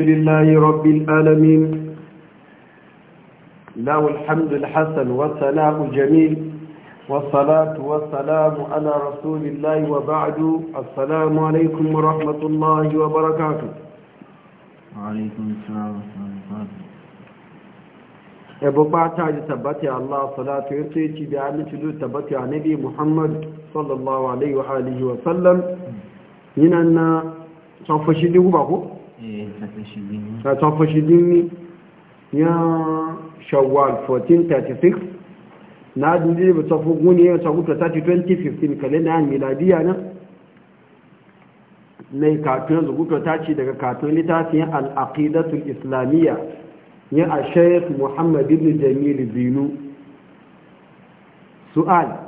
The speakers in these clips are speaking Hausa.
لله رب العالمين له الحمد الحسن والسلام الجميل والصلاة والسلام على رسول الله وبعد السلام عليكم ورحمة الله وبركاته وعليكم السلام ابو باتا تبتي الله صلاة يرتيتي بعمل تبتي عن نبي محمد صلى الله عليه وآله وسلم هنا صفشي لغبه Eh, ta tafashidin ni ya shawwal 1436 na dindi ba tafi guni ya tafi ta 2015 kalenda yan miladiya nan na kafin zubuta ta ce daga kafin littafin al'aqidatul islamiyya ya a shaykh muhammad ibn jamil zinu su'al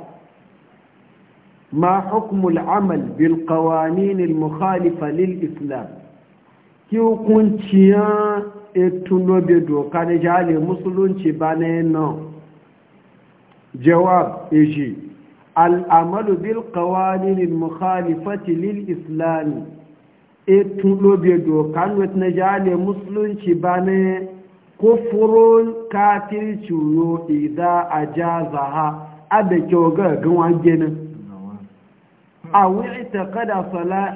ما حكم العمل بالقوانين المخالفة للإسلام ki hukunciyan etunobe doka da jale musulunci ba na yana jawab eji al'amalu bil kawaninin mukhalifati lil islami etunobe doka na jale musulunci ba na kufurun katirci yo idan a zaha abẹ̀kẹ́ ga gawa ginin a àwọn ta kada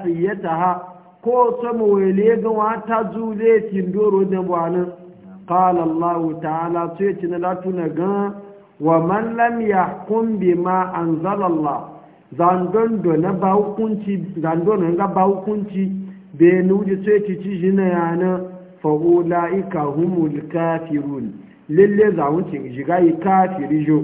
ìyẹ́ta ha ko sama wele ga wata zule cikin doro da bwanan qala allah ta'ala sai cin la tuna ga wa man lam yahkum bima anzala allah zandon do na ba hukunci zandon ga ba hukunci be nuji sai ci ci jina yana fa ulaika humul kafirun lalle za wuce shiga yi kafiri jo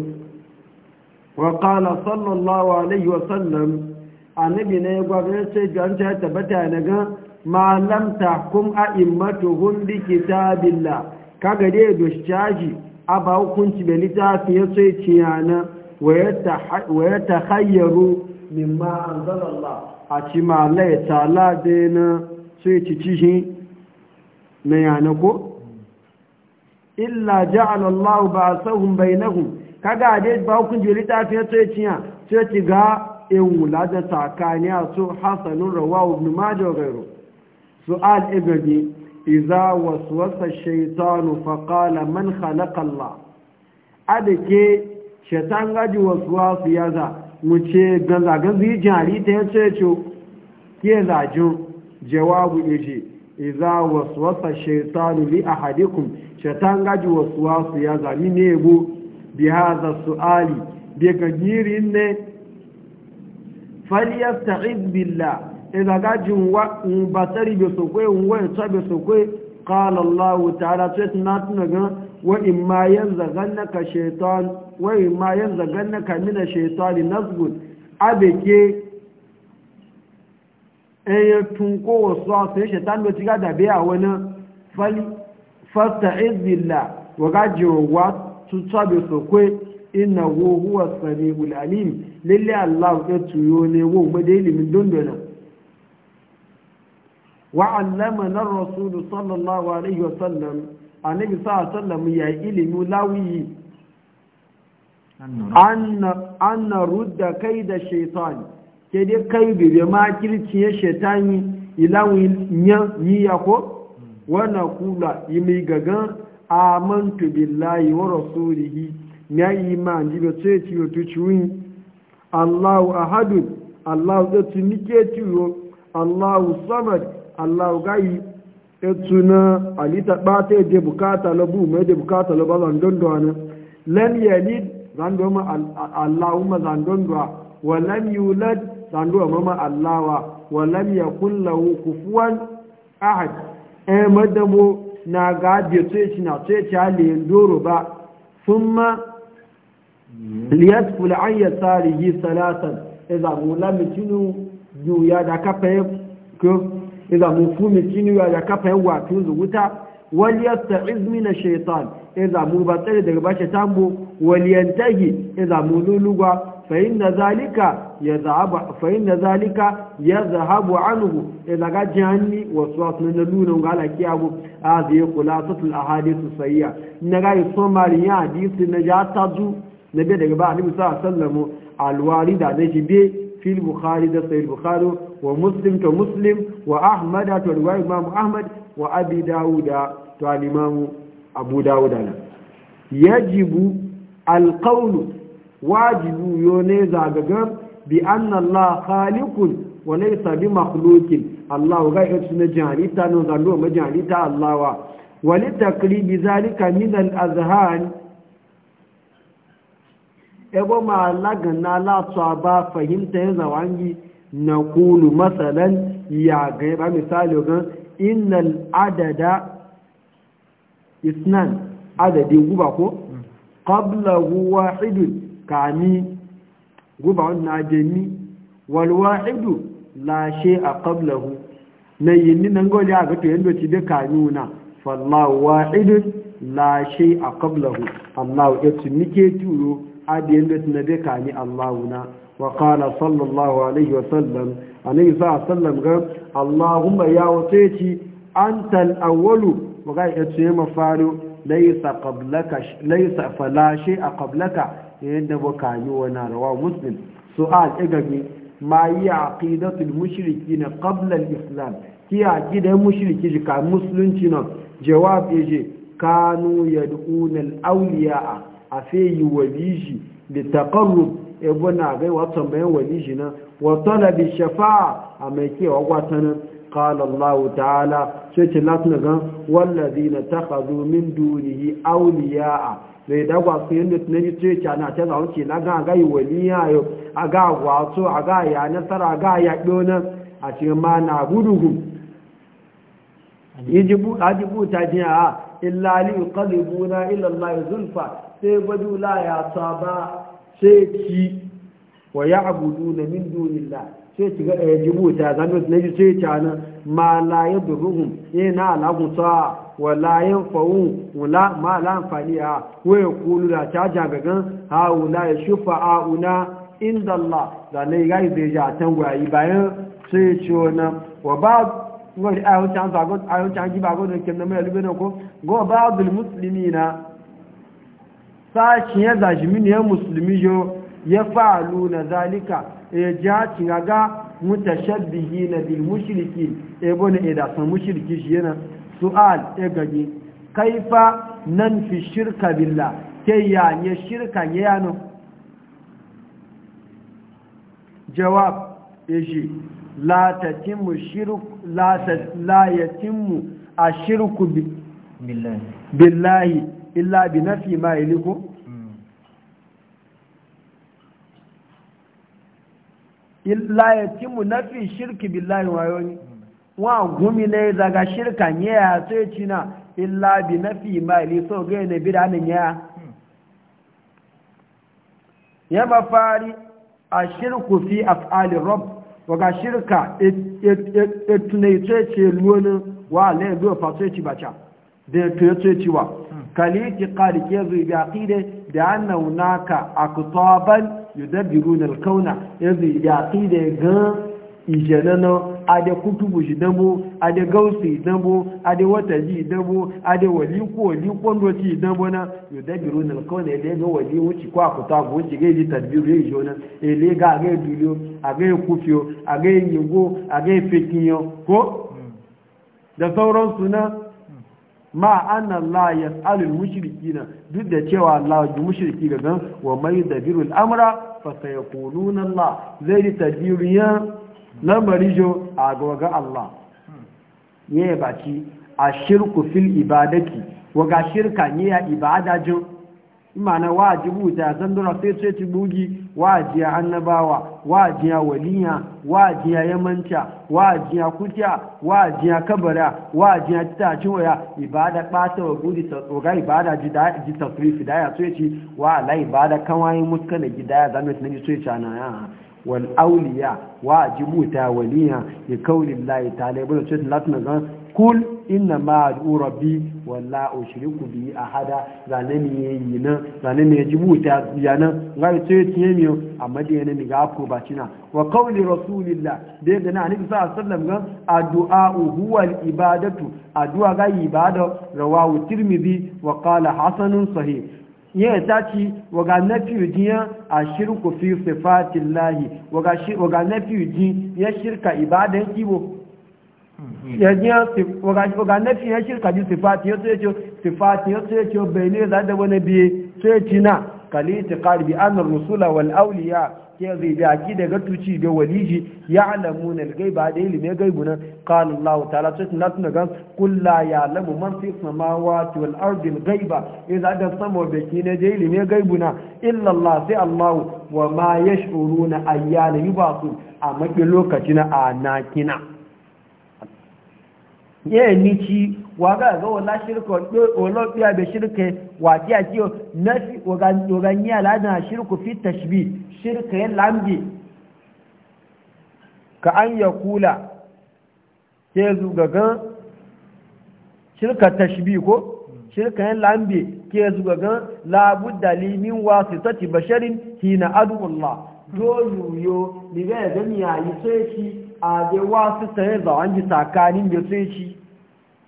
wa qala sallallahu alaihi wa sallam annabi ne ya gwagwar sai jan ta bata na ga malam ta takum a immatuhum bi kitabillah kaga dai dushaji aba hukunci da littafi ya sai ciyana wa ya takhayyaru mimma anzalallah a ci malai tala dai na sai ci cishi na yana ko illa ja'ala Allah ba'sahum bainahum kaga dai ba hukunci da littafi ya sai ciya sai ci ga ewulada da tsakani a su hasanun rawawu ibn majah gairu su'al ibadi iza waswasa shaytanu fa qala man khalaqa allah ke shaitan gaji waswasu mu wuce ganza ganzi jari ta ya ce ke zajin jawabu wasu wasa waswasa shaytanu li ahadikum shaitan gaji waswasu za ni ne bu bi hadha su'ali bi gajirin ne فليستعذ بالله إذا قاج بطري بسوكوي ويطع بسوكوي قال الله تعالى تتناتنا وإما ينزغنك شيطان وإما ينزغنك من الشيطان نزغ أبكي أي تنكو وصواص الشيطان بتقعد بها هنا فاستعذ بالله وقاج وطع بسوكوي inna wo huwa sami'ul alim lalle Allah ya tuyo ne wo ma da ilimin dondona wa allama na rasul sallallahu alaihi wa sallam annabi sa sallam ya ilimi lawi anna anna rudda kaida shaytan ke dai kai bi ma kirciye shaytani nya yi ya ko wa yi mai gagan amantu billahi wa rasulihi yayi ma ji be tse ti yo tu chuin Allahu ahadun Allahu tsu nike ti yo Allahu samad Allahu gai etsuna alita bata de bukata labu mai de bukata labu zan dondo ana lam yalid zan do ma Allahumma zan dondo wa lan yulad zan do ma Allawa wa lan yakul lahu kufuwan ahad eh madabo na ga de ci na ce ci le ndoro ba summa liyasful an yasarihi salatan idza mula mitinu ju ya da kafa ya ko idza mufu mitinu ya da kafa wa tun zuguta wal ta izmi na shaitan idza mu tsari daga bashi tambo ya yantahi idza lulugwa fa inna zalika yadhhabu fa na zalika yadhhabu anhu idza gajanni waswas min lulun gala kiyabu hadhihi qulasatul ahadith sayya hadisu na ja ta ju na biya daga ba a nabi sa sallamu da zai shi biye fil bukhari da sayil bukhari wa muslim to muslim wa ahmada to riwayar imamu ahmad wa abi dawuda to alimamu abu dawuda na yajibu alqawlu wajibu yo ne zagagan bi anna allah khaliqun wa laysa bi makhluqin allah ga yau sunan jahalita no zando ma jahalita allah wa wa li zalika min al azhan ebo ma lagana latsa ba fahimta yin zawangi na kulu matsalan ya ga ba misali gan innal adada isnan adadi guba ko huwa wahidun kami guba na jami wal wahidu la shay'a qablahu na yinni nan gole a gato yando ci da kanuna fallahu lashe la shay'a hu allah ya tunike turo adiyan da tuna bai kani Allahu na wa qala sallallahu alaihi wa sallam alaihi sa sallam ga Allahumma ya wace ci antal awwalu wa ga ya ce ma faru laysa qablaka laysa fala a qablaka yanda ba kani wana rawa muslim su'al igagi ma yi aqidatul mushriki na qabla al-islam ki gida mushriki ka musulunci na jawab yaje kanu yad'una al-awliya'a a feyi waliji da taƙarru ebe na gai watan bayan waliji nan watana bi shafa'a a mai kewa watanin قال الله تعالى سيتي لاتنا والذين اتخذوا من دونه أولياء zai dagwa su yin da tunani ce ce na ta zaun ce na ga gai wani yayo a ga gwaso a ga ya nasara ga ya ɗona a ce ma na gudugu yi jibu ta jiya a ah, illali ƙalibu na illallah zulfa sai gwado la ya ba sai ki wa ya abudu na min dunillah sai ki ga ya eh, ji buta ya zanu na ji sai ta na ma la ya ya eh, na lagunta wa la ya yanfa'u wula ma la a wa kulu da ta jagagan ha wula ya shufa a una inda Allah da na ne ga zai ja can gwayi bayan sai ci wani wa ba ngori ayo chan ba god ayo chan ji mai lubena ko go ba'd al muslimina sashi ya zaji mini ya musulmi yo ya fa'alu na zalika ya e ji haci ga mutashabbihi na bil mushriki e bona e da san mushriki shi yana su'al e gaji kaifa nan fi shirka billah ke ya ne shirka ne yano jawab yaji e la tatimmu shirku la la yatimmu ashirku billahi illa bi nafi ma yaliku illa ya yatimu nafi shirki billahi wa yoni wa gumi ne daga shirka ne ya sai cina illa bi nafi ma yali so ga ne biranin ya ya fari a shirku fi af'ali rabb waga shirka etunai e, e, e tsoci lona wa alayin zuwa ci bacha da ya tuye tsoci wa kaliti qali ke zuwa bi aqide da anna hunaka aqtaban yudabbiruna al-kauna yazi bi aqide ga ijanana ade kutubu jidambo ade gausi jidambo ade wataji jidambo ade wali ko wali kondo ti jidambo na yudabbiruna al-kauna ele ga wali wuci ko aqtabu wuci ga ji tadbiru yi jona ele ga ga dulio aga kufio aga yingo aga fekinyo ko da sauran suna ma anna Allah ya tsalin mushiriki duk da cewa Allah ya mushiriki ga gan wa mai da birul amra fa sai na Allah zai yi tadbiriyan lamari jo a ga Allah ya yi baki a shirku fil ibadaki waga shirka ne ya ibada jin imana wajibu ta sandura sai sai ci bugi wajiya annabawa wajiya waliya wajiya yamanca wajiya kutiya wajiya kabara wajiya titacin waya ibada ɓata wa gudi tsoga ibada ji tasrifi da ya sai ci wa ala ibada kan wayin muskana gida ya tunani sai ci ana ya wal auliya wa jibuta waliya bi kaulillahi ta'ala ibn cikin latin zan kul inna ma ad'u rabbi walla ushriku bi ahada zane ne yi nan zane ne jibuta ya nan ga ce tiye miyo amma da yana ga ko bacina wa qawli rasulillah da ga na annabi sallallahu alaihi wasallam gan addu'a huwa ibadatu addu'a ga ibada rawahu tirmidhi wa qala hasanun sahih yin ta waga na fiye a shirku fi sifatin lahi waga na fiye ya shirka ibadan kiwo waga na fiye ya shirka ji sifatin ya tsaye ce sifatin ya tsaye ce bai ne za da wani biye na kaliti qarbi anna rusula wal auliya ke zai bi aki daga tuci da waliji ya'lamuna al ghaiba da ilmi ghaibu nan qala allah ta'ala sai na tuna ga kulla ya'lamu man fi samawati wal ardi al ghaiba idan da da be kine da ilmi ghaibu na illa allah sai allahu wa ma yash'uruna ayyana yubasu a maki a na anakina ye ni ci wa ga ga wala shirka wala biya be shirke wa ti a fi nafi ni ala na shirku fi tashbi shirka yin lambi ka an ya kula ke ga shirka tashbi ko shirka yin lambi ke zugagan labudda limin wasu tati basharin hina adullah dole yo ni ga ya gani yayi sai shi a je wasu tare da ji tsakanin da sai shi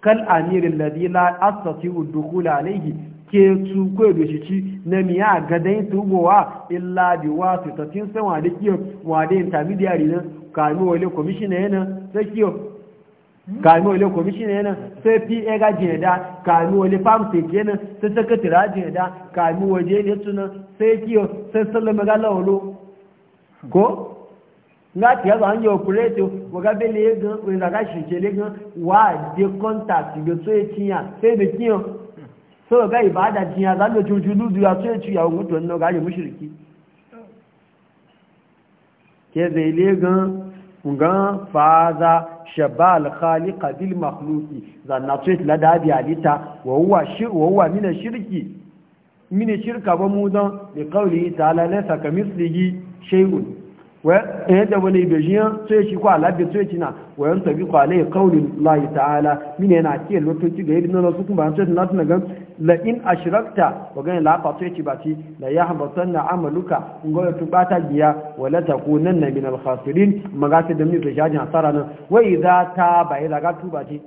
kal amirin ladi la astati udukula alaihi ke tu ko da shi ci na miya gadan tubowa illa bi wasu ta tin san wade kiyo wade intermediary na kai wole commissioner yana sai kiyo kai wole commissioner yana sai pa ga da kai wole farm je na sai secretary jeda kami waje ne tuna sai kiyo sai sallama ga lawo ko láti ẹ̀rọ àwọn yóò kúrẹ́ tó wọ́gábẹ́lẹ̀ ẹgbẹ́ ìrìnàká ṣìṣẹ́lẹ̀ gan wà dé kọ́ntàtì ìgbẹ́ tó ètìyàn fẹ́ẹ̀mẹ̀ tíyàn tó ọ̀gá ìbáadà tíyàn lábẹ́ ojújú lúdú àtó ètìyàwó mú tó ń náà gáyẹ̀ múṣìrìkí kẹ́ẹ̀dẹ̀ ilé gan ǹgan fàáza ṣẹ̀bá alkhali kabil makhluki zanna tó ètìlá dábì àlítà wọ́wà mínà ṣírìkì mínà ṣírìkà bọ́ mú dán lè kọ́ Eh, da wani bejiyan sai shi kwa labi sai ci na wayan tabi kwa lai kaunin lai ta'ala mine yana ke lokaci ga yadda na sukun bayan sai na tuna gan la in ashrakta wa gan la fa sai ci ba ci la ya habatan na amaluka in ga tu bata giya wa la takunan na min al khasirin magata da mun sai hasara nan wa idza ta bai la ga tu ba ci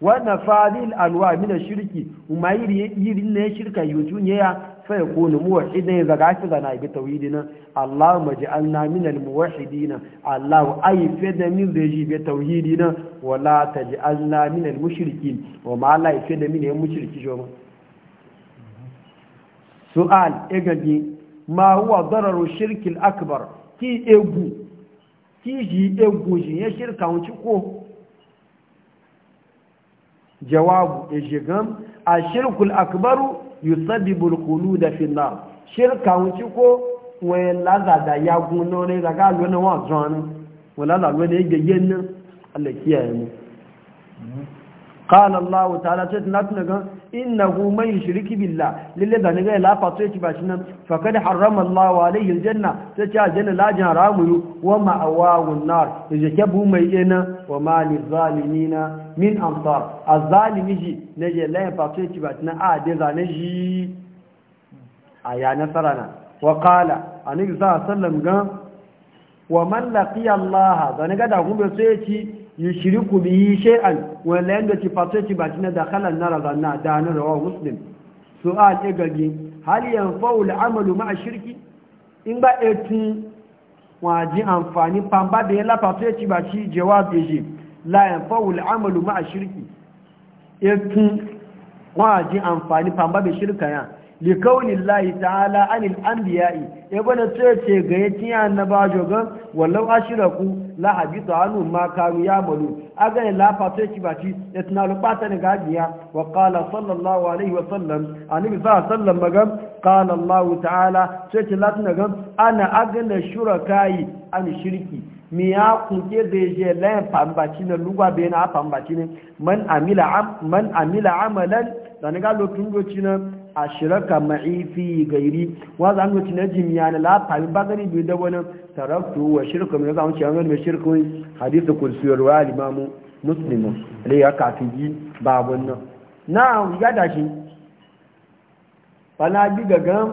wa nafadil alwa min ashirki umayri yiri ne shirka yutun ya sai kunu muwahidin ya zaga shi zana bi tauhidin Allah maj'alna min al-muwahidin Allah ay fada min zai bi tauhidin wala taj'alna min al-mushrikin wa ma la fada min ya mushriki joma su'al egadi ma huwa dararu shirkin akbar ki egu ki ji egu ji ya shirka wuci ko jawabu ejigam ashirkul akbaru yusabbibul khulud fi nar shirka wuci ko wai laza da ya guno ne daga lona wa zan wala da lona yake yin Allah kiyaye mu qala Allah ta'ala ta tunatuna ga innahu man yushriki billah lalle da ne ga la fatu yake ba shinan fa kad harrama Allah alayhi aljanna ta ta janna la jan ramu wa ma'awahu nar yake bu mai yana wa ma lizzalimina min amsar azalimi shi na je layin fato yake ba tunan a da zane shi a ya nasara na wa kala a nufi sa sallam gan wa mallaki allaha zane ga da gube ya ci yi shiriku bi yi shay'an wani layin da ci fato yake ba tunan da halar nara zanna da na rawa muslim su a ce gagi hal yan fa'ul amalu ma shirki in ba etin wajen amfani pamba da ya lafa to yake ba ci shi La fọ́wùl àmàlù máa shirki. ẹkùn wọ́n a amfani àǹfàní pàmbábẹ̀ shirka yà lè kawùlì láyì ta'ala anil anbiya'i ẹgbọ́n e bana tace ce ga yati tíyà na wallau ashiraku la aṣírọ̀kú anu hannun ma karu ya malu aga la fatu ki bati ya tunalu pata ga gajiya wa qala sallallahu alaihi wa sallam anibi fa sallam magan qala allahu ta'ala tace ce ga gan ana agana shurakai an shirki mi ya kunke da je layan fambaci na lugwa bai na fambaci ne man amila amalan da ni galo tun goci na a shiraka ma'ifi gairi wa za goci na jimiya na lafami ba gani bai da wani tarabtu wa shirka mai zama ce wani mai shirka wani hadisa kulsiyar wa limamu muslimu da ya kafi ji babun nan na ya dashi fana bi daga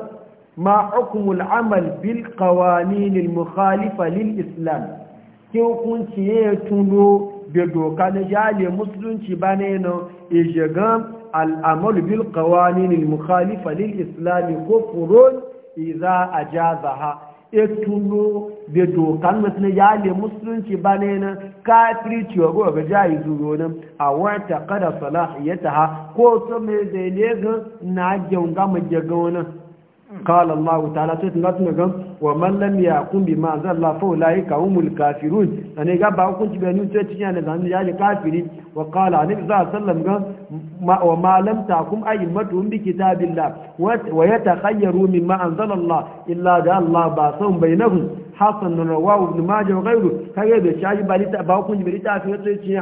ma hukumul amal bil qawanin al mukhalifa lil islam ke hukunci ya tuno da doka na jale musulunci ba ne na ijigan al'amalu bil ne mukhalifa lil islami ko furon iza a jazaha ya tuno da doka na jale musulunci ba ne na kafiri ciwo ga ga jayi zuro nan a wata kada ya taha ko su mai zai ne na gyan gama gyaga wani قال الله تعالى تتنغم ومن لم يقم بما انزل الله فاولئك هم الكافرون ان غبا كنت بينو تيتي انا زان يا كافرين وقال ان اذا سلم والسلام وما لم تقم ائمتهم بكتاب الله ويتخيروا مما انزل الله الا جعل الله باسهم بينهم حسن رواه ابن ماجه وغيره كاي بشاي بالي تبا كنت بينو تيتي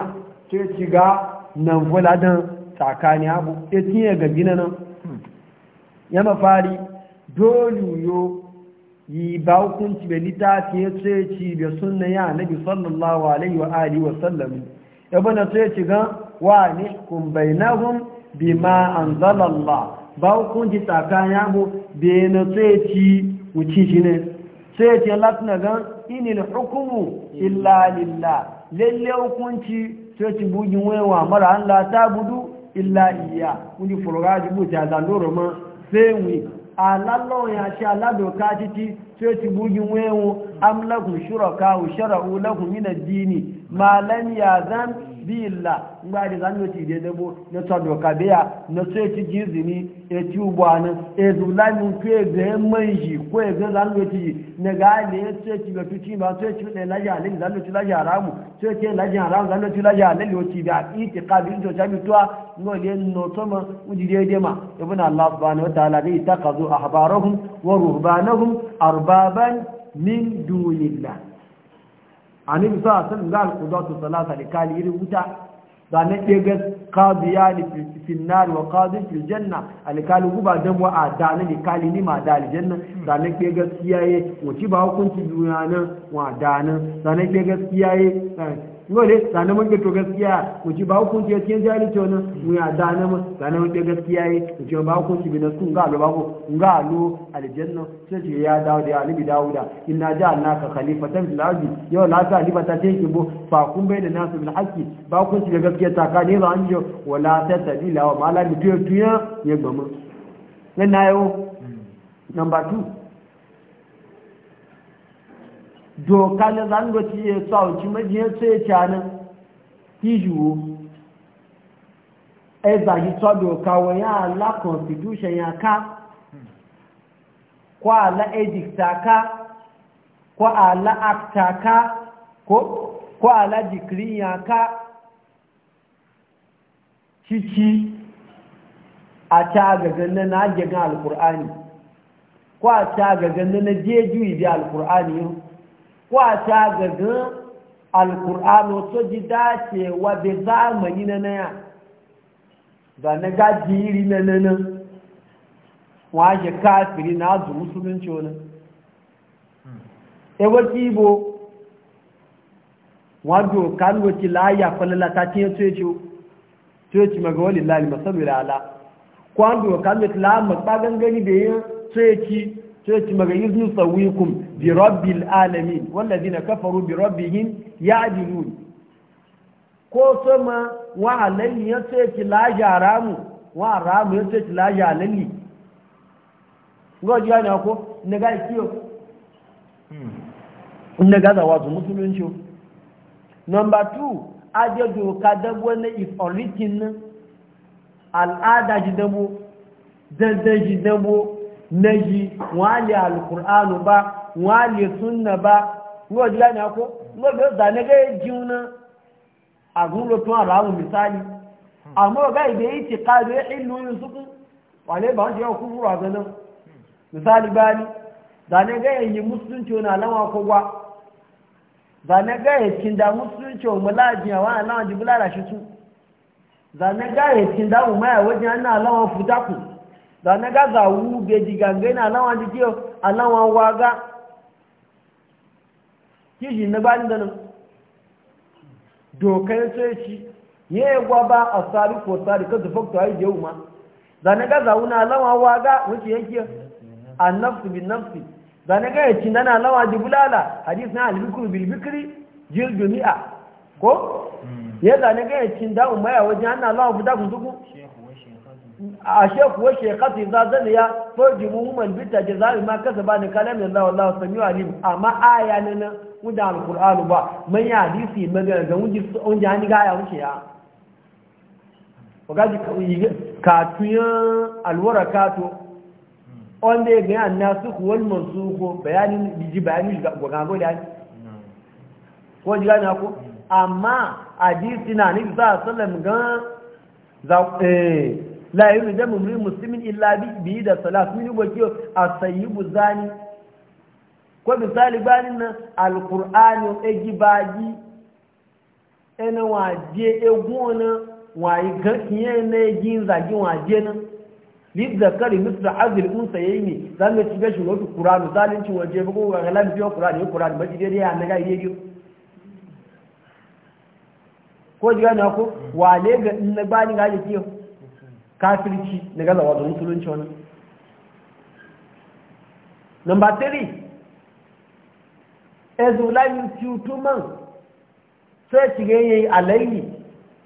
تيتي غا نان فلادن tsakani abu ya tiye ga gina dole yo yi ba hukunci bai littafi ya ce ci da sunna ya annabi sallallahu alaihi wa alihi wa sallam ibn ce ci gan wa bi ma an zalalla ba hukunci ya bu bai na ce ci wuci shi ne ci ce latina gan na hukumu illa lillah lalle hukunci sai ci bugin wewa mara an lata ta budu illa iya kuni furgaji ta zandoro ma sai wi alallon ya ce aladoka titi sai ti bugin wewo am lakum shuraka wa shara'u lakum min ad-dini ma lam yazan bi illa ngba de zan yoti de debo na to biya na sai ti jizini e ti e ubwana e zulani ku e ga manji ko e ga zan yoti ne ga ne ti ga tuci ma sai ti ne laja zan zan ngole no daidai ma dema ibn allah subhanahu wa ta'ala bi taqazu ahbarahum wa ruhbanahum arbaban min a ani bi sa san gal qudatu salata li kali iri wuta da ne ke ga qadiya li fi nar wa qadi fi janna al kali guba dan wa adana li kali ni ma dal janna da ne ke ga kiyaye wuci ba hukunci duniya nan wa adana da ne ke ga kiyaye dole sanan mun to gaskiya mu ji ba hukunci ya cikin jari to nan mu ya da nan mun sanan mun gaskiya yi mu ji ba hukunci bi na sun ga lo ba ko ga lo aljanna sai ce ya dawo da alibi dawuda inna ja ja'alnaka khalifatan fil ardi yau la ta alibi ta yake bo fa kun bai da nasu bil haqqi ba hukunci ga gaskiya ta ka ne ba an jo wala ta tabila wa mala bi tuya ya gbamu nan na yau number 2 doka na zangoci e ya tsawuci majiyar ya canin tijuwo ai zagi tsọ doka wa ya ala constitution ya ka kwa ala edict ta ka kwa ala acta ka ko kwa ala decree ya ka cici a ta gagan na Al alkur'ani kwa ta gagan na jeju idi alkur'ani yau kwata gaga alkur'ano to ji dacewa da zamani na naya da na gajiri na nan waje kafiri na azu musulunci wani ewa kibo wajo la laya falala ta yi tsoye tsoye maga wani lalima saboda ala kwando kalwaci la maɓa gangani da yin tsoye sai ci maga yuzni kun bi al'alami wanda zina kafaru bi ya ya'dilun ko sama wa alalli ya ce ki laja ramu wa ramu ya ce ki laja jalalli ga ji yana ko ne ga kiyo ne ga da wazu musulunci number 2 aje doka dabo na if origin al'ada ji dabo dandan ji dabo naji wali alqur'anu ba wali sunna ba ngo ni ako ngo be da ne ge jiuna agun tun ara misali amma ga ibe ilu wale ba je ku misali da ne ga yi musulunci na lawa ko gwa da ne ọ yi kinda musulunci o mulaji wa lawa jibulara shi da ne ga yi kinda umma wajen ana lawa futaku da na gaza wu be digange na alawa dikiyo alawa waga kishi na bani da nan dokan sai shi ya gwa gwaba a sari ko sari ka zufa ta yi yau ma da na gaza wu na alawa waga wuce yake a nafsu bin nafsi da na gaya cin dana alawa bulala hadis na albikuru bilbikiri jil jumi'a ko hmm. ya da na gaya cin da umaya wajen ana alawa buda kun a shekuwa shekatu za zana ya farji muhimman bita ji zaɓi ma kasa ba ni kalam yanzu Allah sami wa alim amma aya na nan wuda alƙur'anu ba man ya hadisi magana ga wunji hannu gaya wuce ya wagaji katuyan alwara kato wanda ya gani an nasu kuwal masu ko bayanin biji bayanin shiga gwagwago da ko ji gani ko amma hadisi na nufi sa sallam gan la yuri da mumri muslimin illa bi bi da salat min ba kiyo asayibu zani ko misali banin nan alqur'ani e baji. ena waje e gona wayi ga kiye ne jin zagi waje nan li zakari misra azil unsa yayni zan ga shiga shi lotu qur'ani zalunci waje ba ko ga lan biyo qur'ani qur'ani ba dai ya na ga yi ko jiya na ko wale ga in na bani ga yi kiyo kafirci na gazawa da musulunci wani number 3 ezulamin man, sai shiga yayi alayyi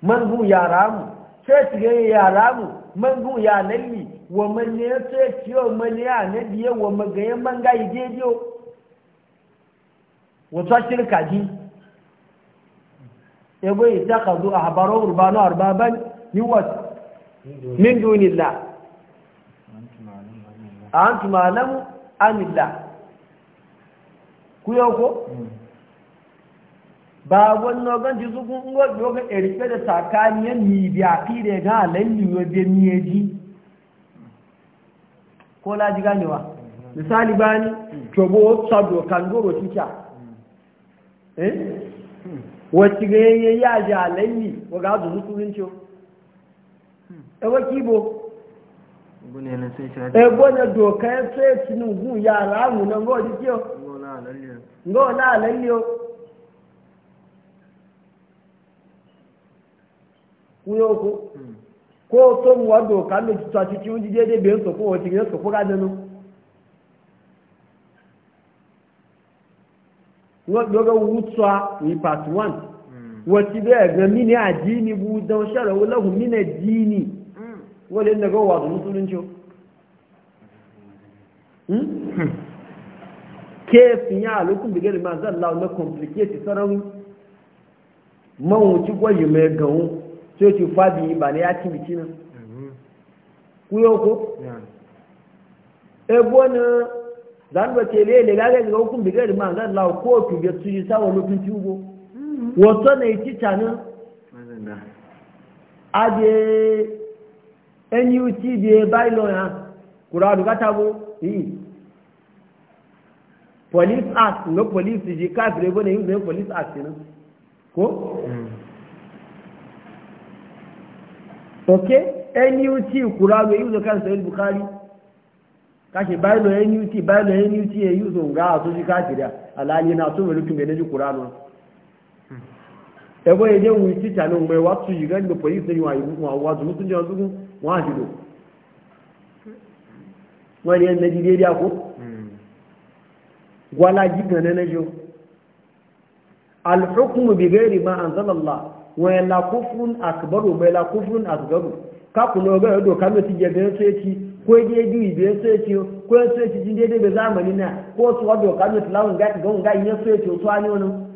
man gu yara mu sai shiga yayi yara mu man gu ya lalli wa man ne sai ciyo man a na biye wa magaye man ga ije wato a shirka ji ego ta kazu a habarar urbano ban yi wasu min dunillah antum alamu anillah ku yau ko ba wannan gan ji su kun go do ga erike da sakaniyan ni biya fi da ga lalli yo be miyeji ko la ji ganewa misali bani to bo sabo kan go go tica eh wacce ga yayi ya ja lalli wa ga su su ewe kibo ebona doka e ya sai tinubu ya ramu na ngo di kiyo ngo na lalliyo kuyo ko ko to mu wa doka lo tutu ati ti o di dede be so ko o ga wacce bai ga mini a jini bu don sharawu lahu mina jini mm. wale na ga wasu musulunci hmm? kefin ya alukun bigar ma zan na complicate sarari mawuci gwaji mai gawo sai ci fabi ba ne ya ci biki nan mm-hmm. kuyo ko ebo na zan ba tele le gaga ga hukun bigar ma zan lau ko tu ga su yi sawa lokacin tubo wato na yi cicanin adé nut dé báyìí ya kùrọ̀ àdùkátàbó yìí police act no police ji káàkiri bó ní ìlú police act ní kó mm. ok nut kùrọ̀ àdùkátàbó yìí kan sọ bukari kashi báyìí nut báyìí nut yẹ yíò zò ń gá àtúnṣe káàkiri àlàyé na tó wẹ̀lú kí ẹgbẹ́ ilé ìwé títà ní ọmọ ẹwà tún yìí rẹ́gbẹ̀ pẹ̀lú ìsẹ́yìn àìwọ̀n àwọn tún jẹ́ ọdún wọn àjùlọ wọn ni ẹnlẹ́ di déédéé àkó wàhálà kan nẹ́nẹ́ jọ alhukumu bi ma an sálàlá wọn ẹ̀ la àkùbọ́rù wọn ẹ̀ la kúfún àkùbọ́rù kákùnà ọgọ́ ẹ̀dọ̀ kámi ti jẹ bẹ́ẹ̀ sẹ́ẹ̀tì ko je ju ibe sẹ́ẹ̀tì ko sẹ́ẹ̀tì jí déédéé bẹ́ẹ̀ zámanì náà kó sọ́dọ̀ kámi ti láwọn gáyìn sẹ́ẹ̀tì ó tó á ní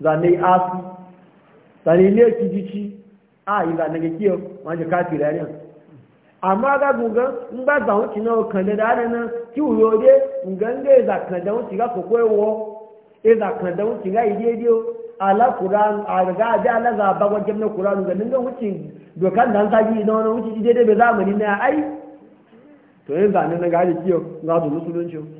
zane asu zane ilé kijici a yi zane ga kiyo wọn jẹ amma ga gugan in ba za wuce na kanda da ana nan ki wuyo dai ngan za kanda wuce ga ko koyo e za kanda wuce ya ide dio ala qur'an a ga da ala za ba na qur'an ga nan wuce dokan dan sabi na wani wuce ide be na ai to ga ga musulunci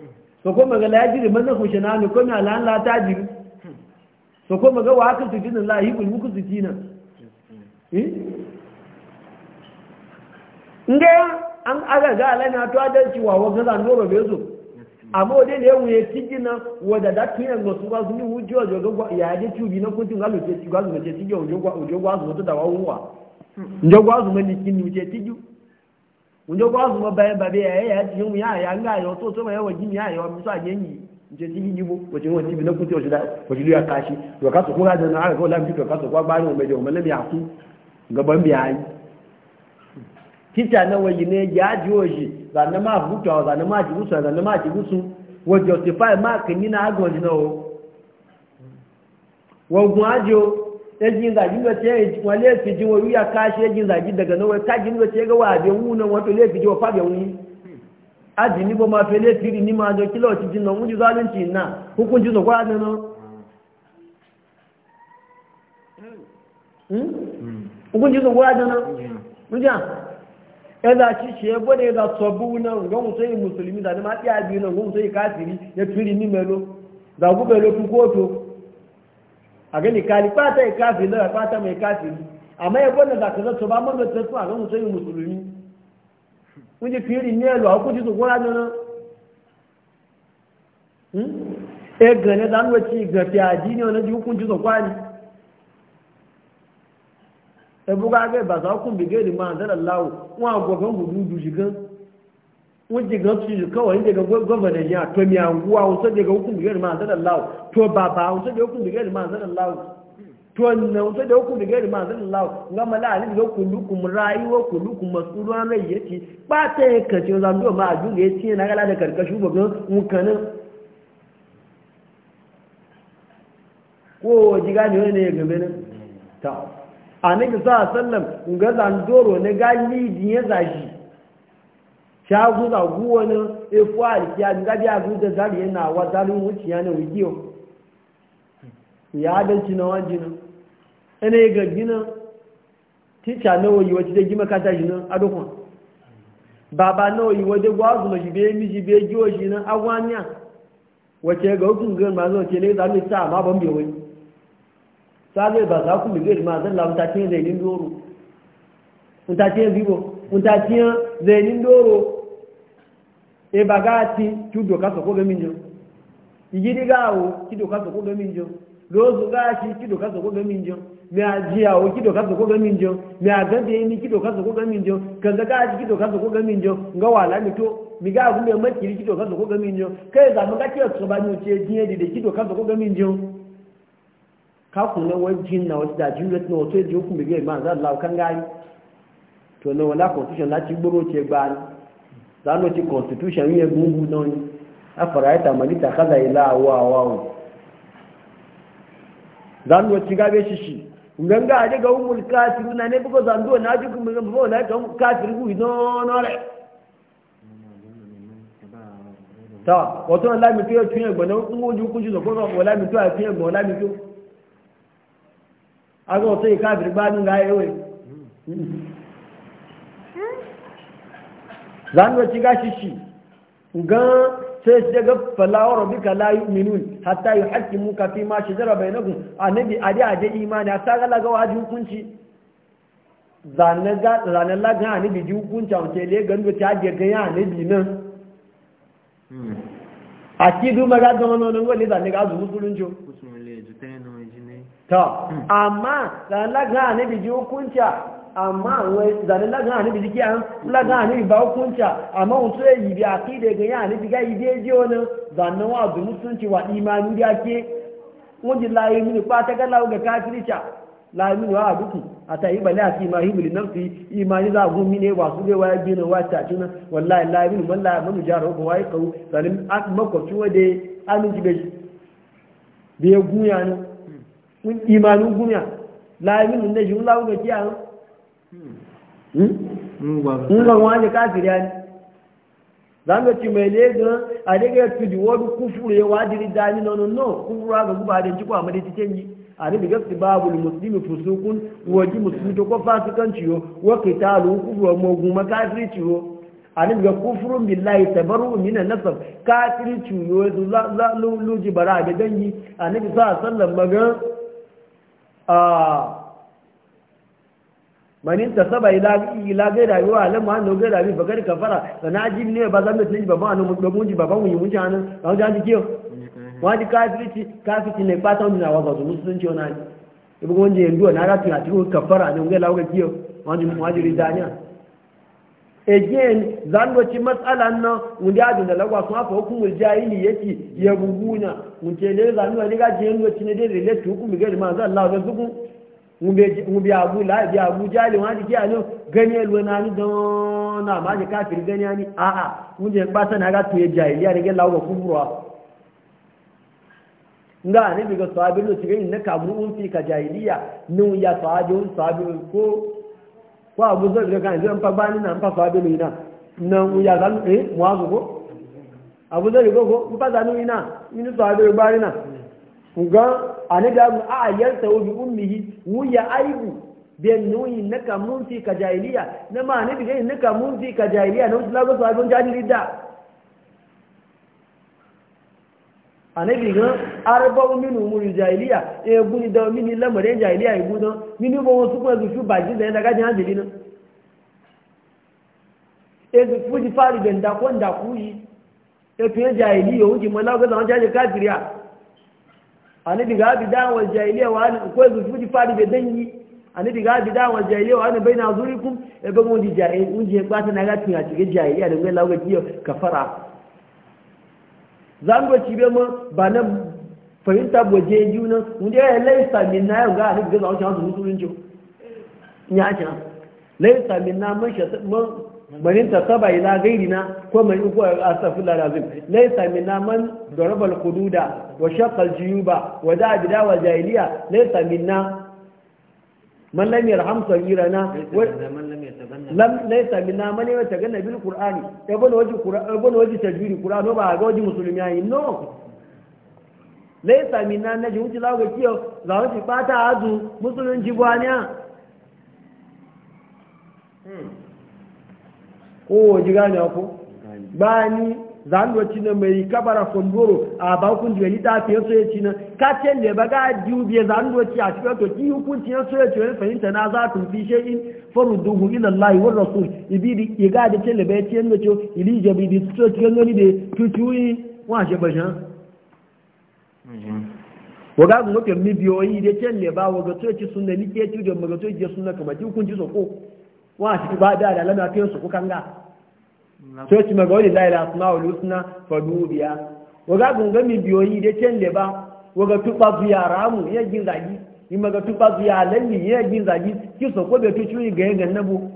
soko maga la yajiri manna na shanani ko na lan la jiri soko maga wa aka tujin la yi kul muku tujina eh? nga an aga ga la na to adan wa waga zan doro zo amma ode ne tijina wada da tiya su ni wujo jo ya je tubi na kuntin ga ga ce tijjo jo go jo go su wujo wa wuwa njo go su mani kin unje kwa zuma bayan ya ya ji mu ya ya nga yo to to ya waji ya ya mi sa yenyi nje ti yi bo ko ti won ti bi na ku ti o shida ya kashi to ka na ka ba ni o meje o mele mi aku gaban bi ayi na ne ya oji za na ma buta za na ma ma ji na ago ni na o gun o. ejin zagi da ce wa le fi ji wa wiya kashi ejin zagi daga nawa ka jin da ce ga wa be na wato le fi ji wa fa be wuni aji ni bo ma fe le fi ni ma do kilo ti jin no mu ji na hukun ji so kwa da no hmm hukun ji so kwa da no mu ja ẹ̀dà ṣíṣe ẹgbọ́n ẹ̀dà sọ̀bú náà ǹgbọ́n tó yí mùsùlùmí dàdí máa tí náà ǹgbọ́n káàkiri ní mẹ́lò dàgbù a gani kali fata ya kafi na fata mai kafi na ya gwanda za ka zato ba man da tattu a ga mutum musulmi kun ji firi ne na e gane da an wace ga fiyaji ne wani ji hukunci tsokora ne e buga ga ba za ku bige ma zan wa gogan gudu shigan wọ́n jẹ́ gan tuntun kọ́wọ́ ní jẹ́gàn gọ́vọ̀nà yẹn àtọ́mí àwọ́ àwọn tó jẹ́gàn okùn nìgẹ́rì máa sẹ́lẹ̀ láwọ̀ tó bàbá àwọn jẹ́ okùn nìgẹ́rì máa sẹ́lẹ̀ láwọ̀ tó nà àwọn jẹ́ okùn nìgẹ́rì máa sẹ́lẹ̀ láwọ̀ nga mọ́lá àlejò ló kùn lùkùn iwọ́ kùn lùkùn mọ̀sùlù ara yìí ti pàtẹ́ kàtí ọ̀sán máa ta guza guwani efu alikiya gabi a guza zari yana wa zarin wuciya na wikiyo ya adalci na wajen nan ina yi gaggi nan tica nawa yi wacce da gima kata shi nan adokun baba nawa yi wajen gwazu na shi be miji be giwo shi nan agwaniya wacce ga hukun gan ma zuwa ke ne zaru ta ma ban bai wai sabe ba za ku mi gari ma zan lamu ta ce zai nin doro ta ce zibo ta doro ebagati gati tudo kaso ko gaminjo igiri gawo kido kaso ko gaminjo lozu gashi kido kaso ko gaminjo me ajiya o kido kaso ko gaminjo me agande ni kido kaso ko gaminjo kaza gashi kido kaso ko gaminjo nga wala ni to mi ga gumbe makiri kido kaso ko gaminjo kai za mu ga kiyo so ba ni ce de kido kaso ko gaminjo ka ku na wajin na wajda jinnet na wato yi e hukumbe ga ma za Allah kan gani to na wala constitution la ci gboro ce gbani zanu ti constitution yẹn gungun don ni afara ẹta mọ ila, awa, awa, awa. awọ awọ zanu ti gábé ṣiṣi nganga umul káàtìrú náà nípò zandu náà ti kún mi bọ́ náà tó ń káàtìrú kù náà rẹ̀. tá ọ̀tọ́ láìmí tó yẹ tún ẹ̀gbọ́n náà ń wọ́n ju kújú sọ̀kọ́ náà wọ́n láìmí tó yẹ tún ẹ̀gbọ́n láìmí tó. agbọ̀n tó yẹ zanu ci gashi shi ga sai shi daga falawar rabbika la yu'minun hatta yuhaqqimu ka fi ma shajara ne annabi adi adi imani sa ga laga ji hukunci zanen ga a laga annabi ji hukunci on ce le gando ta hmm. ga ga hmm. bi nan a ci du ma da wani nan wani zanu ga zuwa musulunci ta amma zanen a laga bi ji hukunci amma wai zane lagan hannu biji kiyan lagan hannu ba hukunta amma wasu ya yi biya ki daga ya hannu ga yi biya je wani zanen abu mutunci musulunci wa imani da ke wani layi mini ta gala ga kafirca layi mini wa a ta yi bale a fi ma nan fi za a mini ne wa su gaiwa ya gina wa ta tuna wallahi layi mini jara wa ya kawo aminci bai bai ne imanin layi mini Hmm? Hmm? ngon wani kafiri ya ne zanga ci mai lega a daga ya tudi wani kufuru ya wajiri dani no no no kufuru haka guba da jikwa amma da cikin yi a nabi gaske babu Musulmi fusukun waji musulmi to ko fasikanci yo wa qitalu kufru mogu makafirci yo anin ga kufrun billahi tabaru min an nasar, kafiri ciyo la la luji bara da dangi annabi sallallahu sa wasallam maga a manin ta saba ila gai rayuwa alam ma no gai rayuwa fa gari kafara sana ajin ne ba zan mutun ba ba mu dogon ji ba ba mun yi ji anan ba ga ji kiyo wa ji kafirci ne fata mun na wa ba sun ona ni ibu gon ji ndo na ratu ati ko kafara ne ngai lawo kiyo wa ji wa ji ridania again go ci matsalan nan mun da da lagwa sun afa hukumul jahili yake ya buguna mun ce ne zango ne ga je ndu ci ne dai relate hukumul gari ma zan Allah ga zugun bi abu bi abu jali wọn jike a gani elwe na ni don na ma je kafiri gani ani a'a mun je e ne ga nga ne daga sahabin da cikin na fi ka abu kan ne na nan ya zan eh abu ga ani da a yarsa wa bi ummihi wuya aibu biyan nuyi na kamun fi ka jahiliya na ma ni bigan na kamun fi ka jahiliya na wasu lagos abin jahilin da ani bigan arba minu umuri jahiliya e guni da mini lamarin jahiliya ibu don mini bo wasu kuma zufu baji e da daga jin hanzari na e zufu ji fari da ndakwon da kuyi e fiye jahiliya wuji ma lagos abin jahilin annabi ga bi dawal jahiliya wa an ko zu fudi fadi be dangi annabi ga bi dawal jahiliya wa an baina zurikum e be mo di jahil un je ba ta na ga ti ge cikin jahiliya da mai ga kiyo kafara zango ci be mo ba nan fahimta boje juna mun je laisa na ga annabi ga zawon musulunci ya ta laisa sha ma. bari ta saba ila gairi na ko mai uku a asafin larazin laisa min naman darabal kududa wa shakal jiyuba wa da abida wa jahiliya laisa min man lam yarhamta girana laisa min na man yawa taganna bil qur'ani ya bane waje qur'ani bane waje tajwiri qur'ani ba ga waje musulmi yayi no laisa min na naji wuce lawa kiyo za wuce fata azu musulunci bwaniya kowa ji gane ku ba ni zanuwa ci na mai kabara kundoro a bakun jiya lita fiye soya ci na kacin da ba ga dubiya zanuwa ci a cikin to ki hukunci ya soya ci wani fahimta na za tu fi shi in faru duhu ila Allah wa rasul ibidi ya ga da cin da ya ci yanda ciwo ili jabi da so ci gangani da tutuyi wa shi bashan wa ga mu kan mi biyoyi da cin da ba wa ga soya ci sunna ni ke ci da mu ga soya ci sunna kamar ki hukunci so ko wa ti bada da da lana fiye su kukan ga so ci maga wani da asma wa lusna fadu biya waga gungami biyoyi da can da ba waga tuba biya ramu ya gin zagi in maga tuba biya lalli ya jin zagi ki so ko bai tuci ga yan nabu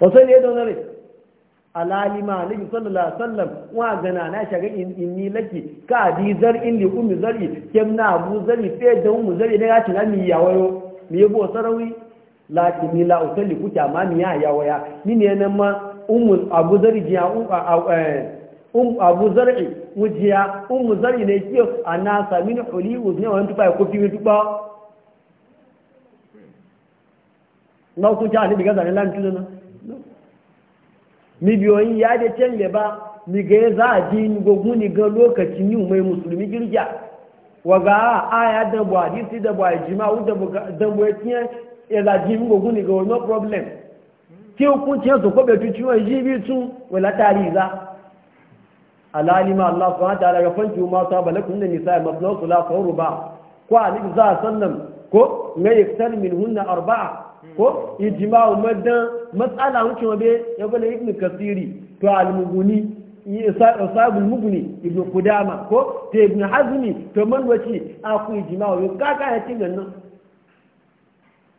wasan ne da wani alalima nabi sallallahu alaihi wasallam wa gana na shaga inni laki ka bi zar inni ummi zar'i kemna abu zar'i fe da ummi zar'i da ya tuna mi yawayo mi yabo sarawi lakin ni la usalli kuta ma mi ya yawaya ni ne nan ma ummu abu zar'i jiya um, um abu zar'i wujiya ummu zar'i ne kiyo anasa min huli ne wa tuba ko fi tuba na ku ta ni biga zanen lan tuluna miliyoyin ya da can ba ni ga za a ji ni gogu ni ga lokacin yi mai musulmi girgiya wa ga aya da bu hadisi da bu u da bu da bu tiyan ya za ji ni gogu ni ga no problem ki hukunci su ko betu ji bi tu wala tariza alalima allah subhanahu wa ta'ala ga fanki ma ta balakum da nisa masna la qurba ko ali za sallam ko ne yaktar min hunna arba'a ko ijma'u madan matsala wuce wabe ya bala ibn kasiri to al-mughni sabul muguni ibn kudama ko te ibn hazmi to man wace aku ijma'u yo kaka ya tinga nan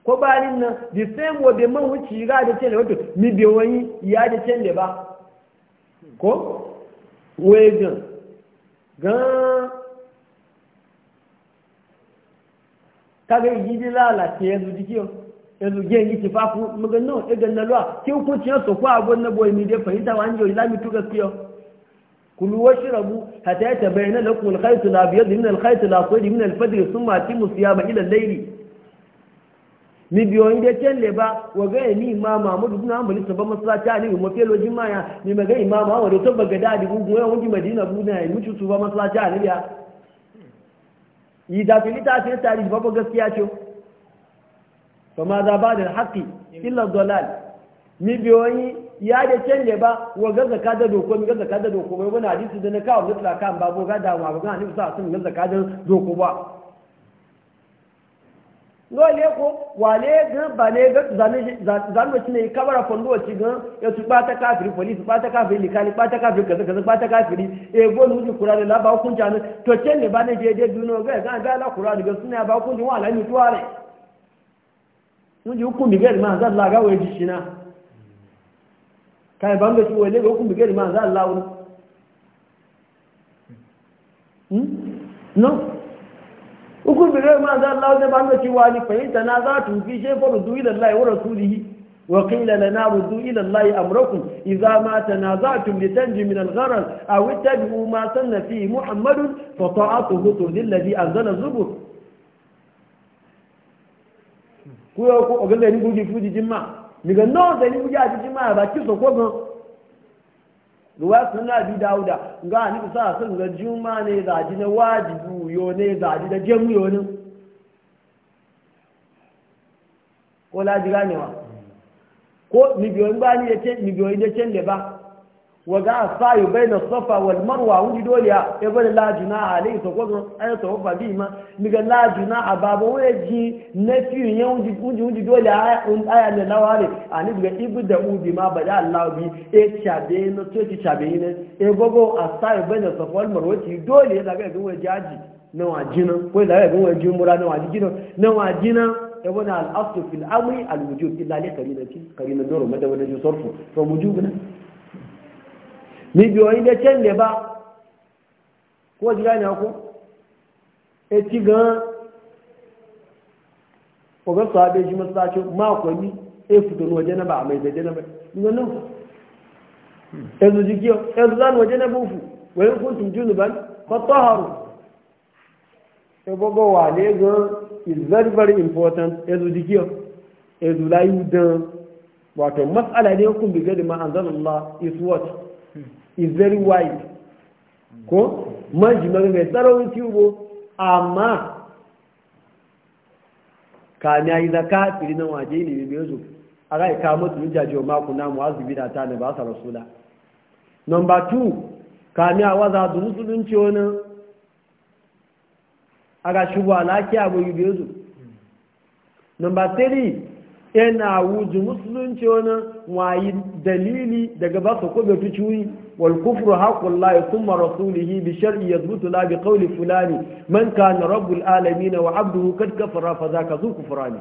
ko bayanin nan the same way man wuce ga da ce wato mi be wani ya da ce ba ko wajen gan kaga yi lalace yanzu dikiyo yanzu gen yi tifafu mugan nan ɗigan na luwa ki hukunci na sokwa a gwan na boye mi dai fahimta wa hanyoyi lami tu gaskiya kulu wa shirabu hatta ya tabayyana lakum al-khayt al-abyad min al-khayt al-aswad Alfadir, al-fajr thumma atimu siyama ila al-layl mi biyo yi dai can leba wa ga ni imam Muhammad ibn Hanbal sabba masallaci ne mu felo jimaya ni maga imam Muhammad to baga da di gugu ya wani Madina buna yi mutu su ba masallaci ne ya yi da filita sai tarihi babu gaskiya ce fa ma za ba da haƙi illa dalal mi biyoyi ya da canje ba wa ga zaka da doko mi ga da doko bai wani hadisi da na kawo mutla kan babo ga da ma ga hadisi sa sun ga da doko ba le ko wale gan ba ne ga zanu shi ne kabara fondo ci gan ya tu bata kafiri police bata kafiri likali bata kafiri kaza kaza bata kafiri e go nu ji kurani la ba hukunta ne to ce ne ba ne je je duno ga ga la kurani ga suna ba hukunta wala ni tuware wunji hukun bigari ma zan laga wa ji shina kai ban da shi wai ne hukun bigari ma zan lawo no hukun bigari ma zan lawo ne ban da shi wani fahimta na za tu fi shi faru duwi da lai wa rasulihi wa qila lana rudu ila allahi amrakum idza ma tanaza'tum litanji min al-gharar aw ittabi'u ma sanna fi muhammadun fa ta'atuhu tudilladhi anzala zubur kuyo ko ogan da ni buji fuji jimma mi ga no da ni buji a jimma ba ki ko gan ruwa suna bi dauda ga ni sa sun ga juma ne da na wajibu ne da da ne ko la ne wa hmm. ko ni yace mi biyo ne ba waga sayu baina safa wal marwa wuri dole ya ibn la junaha alayhi to ko ay to ba bi ma miga la junaha babo weji na fiyu yan wuri wuri dole aya un aya ne lawale ani biga ibda da ubi ma bada allah bi e chabe no to ti chabe ne e gogo asayu baina safa wal marwa ti dole ya daga ga weji aji na wajina ko da ga weji mura na wajina na wajina يبنى الأصل في الأمر الوجوب إلا لقرينة قرينة دور مدى ونجو صرفه فوجوبنا miliyoyin da can ne ba ko ji gane ku e ci gan ogan sahabe shi masallacin makonni e fito waje na ba a mai zaje na ba ina nan yanzu jikiyo yanzu zan waje na bufu wani kuntum junuban fatahharu e bogo wa ne gan is very very important yanzu jikiyo yanzu layu dan wato mas'ala ne kun bi gadi ma anzalallah is what is very wide ko manji mara mai tsarawun tubo amma ka na yi zaka fili na waje ne mai bezo a rai ka mutu jaji wa maku na mu'azibi da ta ne ba sa rasula number 2 ka ni a waza da musulunci wani a aga shubu alaki abu yi bezo number 3 yana wuju musulunci wani wayi dalili daga ba su kobe tuciwi والكفر حق الله ثم رسوله بشرع يثبت لا بقول فلان من كان رب العالمين وعبده قد كفر فذاك ذو كفران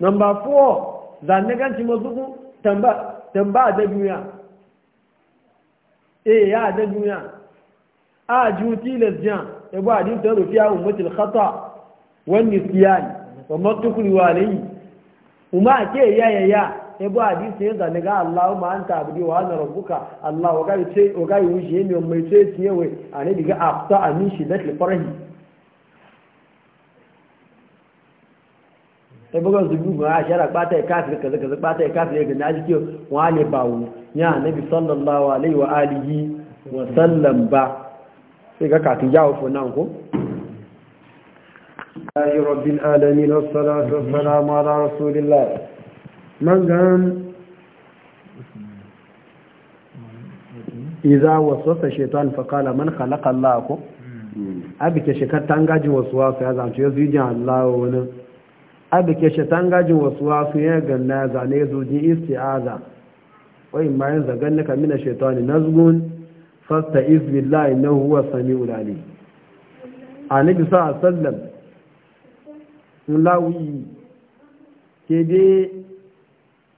نمبر 4 zanne ganci mazuku tamba tamba da duniya eh ya da duniya a ah, juti lasjan e ba din ta rufiya ummatul khata wan nisyan wa matukul walai kuma ebo hadisi ya zane ga ala ma an tabdi wa ana rabbuka Allah wa gai wa gai wuce ne mai ce afta amin shi dakle farahi ebo ga zubu ga ashara bata ya e kaza kaza bata ya e kafir ga naji ke wa ne bawo ya nabi sallallahu alaihi wa alihi wa sallam ba sai ga kafin yawo fo nan ko الله رب العالمين والصلاة والسلام على رسول الله Mangan gan iza waswasa shaitan fa kala man khalaqa Allah ko hmm. abike shekar tangajin waswasu ya zanto ya zujin Allah wani abike shi tangajin waswasu ya ganna zane zujin isti'aza Wai in zagan zagannaka mina na nazgun fasta iz billahi na huwa sami'ul alim annabi sallallahu alaihi wasallam lawi ke dai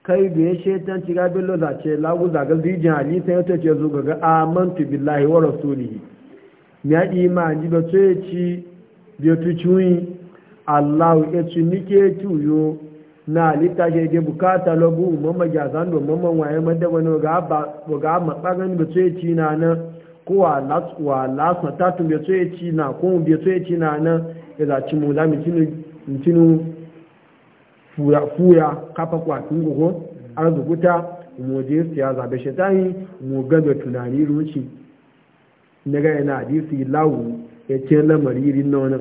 kai da ya shetan ci gabin lola ce lagu zaga zijin halittar ya ce zuga ga amantu billahi wa rasulihi ya imani ba so ya ci biya tuciwi allahu ya ci nike tuyo na halitta shi ke bukata lagu mamma gyasan da mamma waye madda wani ga matsagan ba so ya ci na nan ko wa lasa tatun ba so ya ci na ko ba so ya ci na nan ya zaci mu lamicinu fuya fuya kafa kwatin gogo arzukuta moje siya zabe shetani mu gaza tunani ruci na ga yana hadisi lawu ya ce lamari rin nona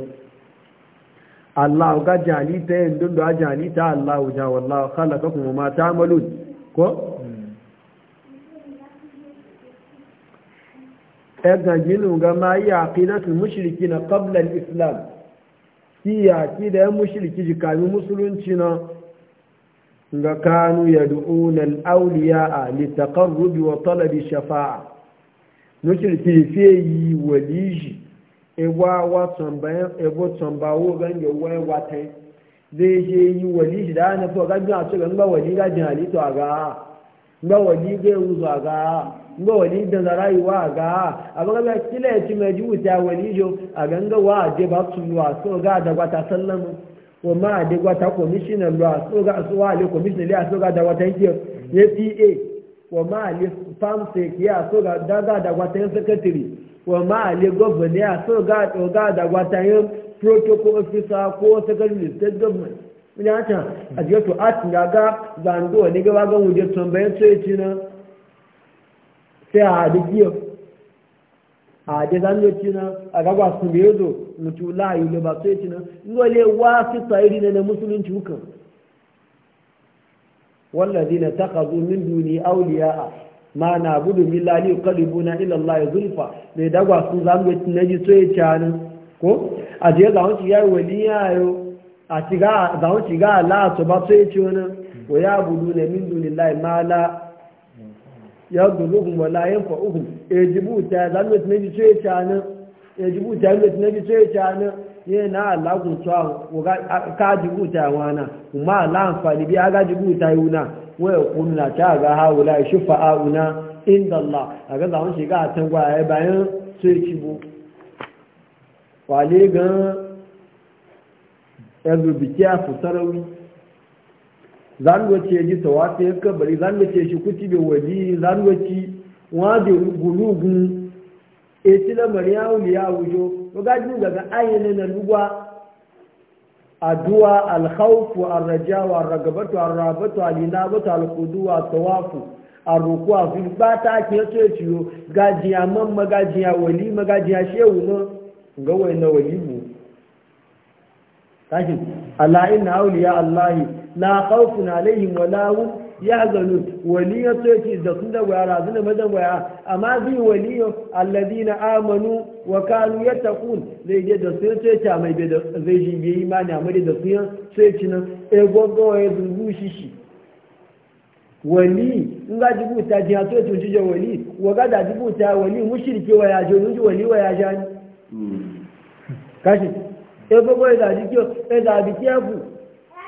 Allah ga jalita yin dun da jalita Allah ja wallahu ka kuma ma ta'malun ko ɗan gajinu ga ma yi aqidatul mushrikina na kablan islam ki da yan mushriki ji kami musulunci na ga kanu ya du'una al a a rubi wa talabi shafa'a mushriki fi yi waliji ewa wa ebo tambawo gan wa wa zai ṣe e yi waliji da na to ga ga ce ga waliji ga jin halitta ga ga yi e ga uzo ga nga wali da zarai wa ga abaga ga kila ci mai jiwu ta wali jo a ganga wa je ba su wa so ga da gwata sallama wa ma da gwata commissioner lo so ga so wa le commissioner le so ga da gwata yake ya pa wa ma le farm sec ya so ga da ga da gwata secretary wa ma le governor ya so ga so ga da gwata protocol officer ko secretary state government mun ya ta a jiya to at ga ga zando ne ga ga wuje tambayan sai na sai a haɗe kiyo a haɗe zanyoci na a gagwa su da yazo mutu layu da ba sai cinan ngole wa su tsayiri ne na musulunci hukan wallazi na takazu min duni a ma na gudu min lali qalibuna ila Allah zulfa ne dagwa su zanyoci na ji sai cinan ko a je yi yayi waliya yo a shiga zanyoci ga Allah to ba sai cinan wa ya budu ne min duni dunillahi ma la ya duruhum wala yanfa'uhum yajibu eh, ta zalwat ne ji sai ta nan yajibu na Allah ku tsawo ga ka jibu wana kuma Allah amfani bi aga jibuta ta yuna wa kunna ta ga haula shufa'auna inda Allah aga zaman shiga a tan gwaye bayan sai cibo wale gan ezu bikiya su sarawi zanwace ya ji tawata ya kabari zanwace shi kuti bai waje zanwace wade gulugun eti na mariyawu ya wujo magajin daga ayyana na lugwa addu'a alhaufu arrajawa ragabatu arrabatu alinabatu alkuduwa tawafu arruku a fi ba ta ke to ciyo gajiya man magajiya wali magajiya shehu na. ga wani wali mu tashi ala inna awliya allahi la khawfun alaihim wa la hum yahzanun waliyo to yake da sun da waya razun da madan waya amma bi waliyo alladina amanu wa kanu yattaqun zai je da sun ce ta mai da zai ji bi imani amma da sun ce ci nan e gogo e dungu shishi wali in ga jibuta ji ha to tun ji wali wa ga da jibuta wali mushrike wa ya je nun wali wa ya jani kashi e gogo e da ji kyo e da bi kyafu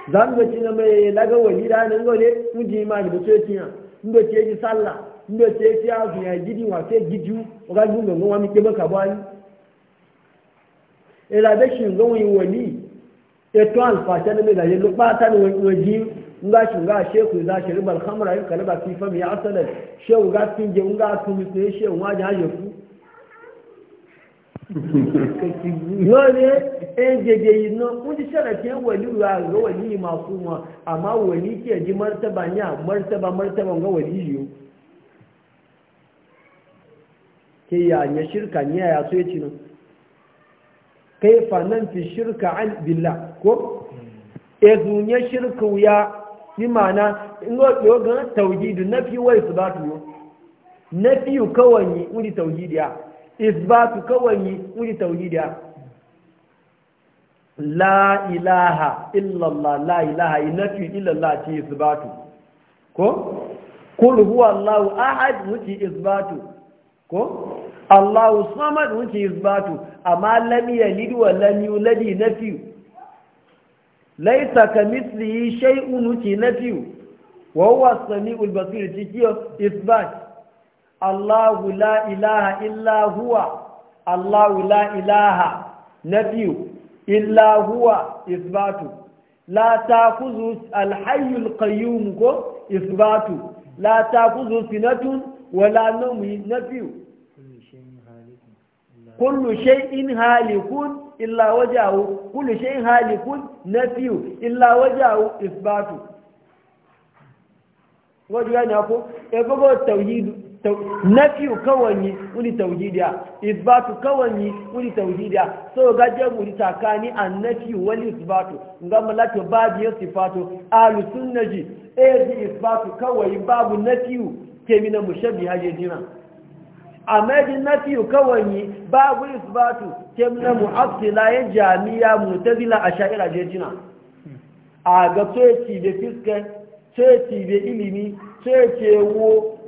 za mu ci na mai laga wali da nan gole mun ji ma da ce ci ya mun da ce ji sallah mun da ce ci azu ya gidi wa sai giju o ga gun gongon wa mi ke baka bani e la be shin yi wani, eto to na fa ta ne da ye lu ba ta ne waji nga shi nga sheku za shi ribal khamra yin kalaba fi fam ya asalan shehu ga tin je nga tumi sai shehu ma ja je ku dole ɗan jajayi na kundi sharafin wali ga wali masu ma amma wali ke ji martaba ya martaba martaba ga wali yiwu ke yanya shirka ne ya ya ci nan kai fanan shirka an billah ko ezunye shirka ya ni mana in ga yogan tauhidu nafi wai su ba tu nafi kawai ne wuri tauhidiya isbatu kawai wuri tauhidiya la ilaha illallah la ilaha inafi illallah ce isbatu ko kul huwa allah ahad wuce isbatu ko allah samad wuce isbatu amma lam yalid wa lam yulad nafi laysa kamithlihi shay'un wuce nafi wa huwa as-sami'ul basir ce isbat Allahu la ilaha illa huwa Allahu la ilaha na biyu illa huwa isbatu la takuzu alhayyul qayyum ko isbatu la takuzu sinatun wala nawmi na biyu kullu shay'in halikun illa wajahu kullu shay'in halikun na biyu illa wajahu isbatu wajen yana ko ebogo tauhidu nafiyu ni wuni tauhidiya isbatu kawanyi wani tauhidiya so ga jabu ni takani an nafiyu wani isbatu ga malaka babu ya sifatu ahlu sunnaji ezi isbatu kawai babu nafiyu ke mina mushabbiha jina amma din nafiyu kawanyi babu isbatu ke mina mu'attila ya jami'a mu'tazila ash'ira jina a ga tsoci da fiska tsoci da ilimi tsoci wo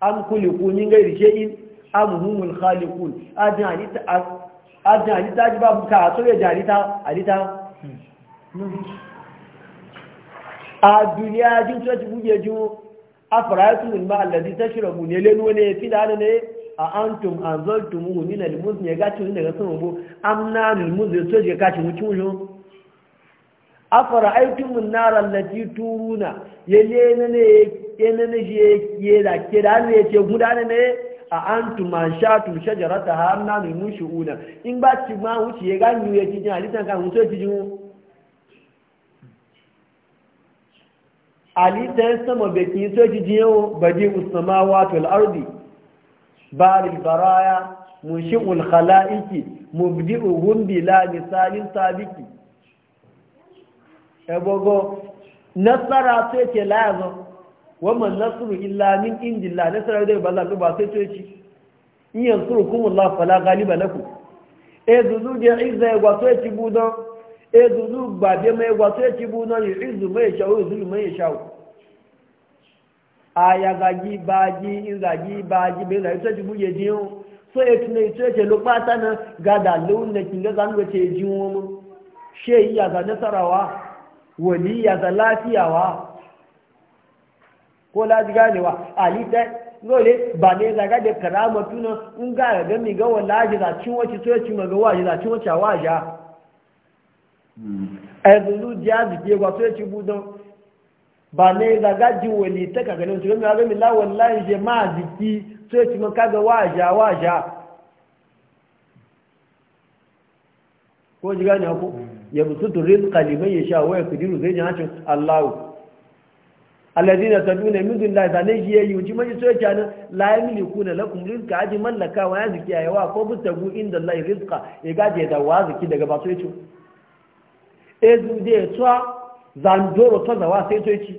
am kuliku ngai rije in am humul khaliqun adani ta adani ta ji ka so ya jarita alita a duniya jin coci buge ju a farayatun ma allazi tashrabu ne lenu ne fi da ne a antum anzaltumuhu na almuzni ya gaci ne daga sama amna afara aitum an-nar allati turuna yelena ne enene je ye da kira ne ce gudana ne a antu man shatu shajara ta na mai mushuuna in ba ci ma wuce ya ganyu ya cikin halittar kan wuce cikin halittar sama bakin so cikin yau badi usama wato ardi baril baraya munshi'ul khala'iki mubdi'uhum bila misalin sabiki ebogo nasara sai ce la wannan Nasiru illa min indillah nasara da ba Allah ba sai to yaci in yansurukum Allah fala ghaliba lakum e zuzu da izza ya gwato ya ci budon e zuzu ba da mai gwato ya ci budon ya izu mai shawo ya zulu mai shawo aya gaji baji in gaji baji bai zai ta ci buje jiyo so e tunai to yace lokata na gada lawun da kin ga zan wace jiwo mu sheyi ya ga nasarawa wali ya ga lafiyawa ko laji ganewa a ta dole ba ne zaga da karama tunan in ga ga gami ga wala ji za cin wace so ci maga waje za cin wace waje a zulu jazi ke ba so ci budan ba ne zaga ji wani ta ka ganin su gami ga gami la wallahi je ma ziki so ci ka ga waje waje ko ji gane ko hmm. ya mutu rizqa ya sha waya kudiru zai ji hancin Allahu alladina taduna min dunillahi da ne yi yuji mai soyayya kenan la yamlikuna lakum rizqa aji mallaka wa yazki ayawa ko butagu inda Allah rizqa e gaje da waziki daga ba soyayya e zu de to doro to da wa sai soyayya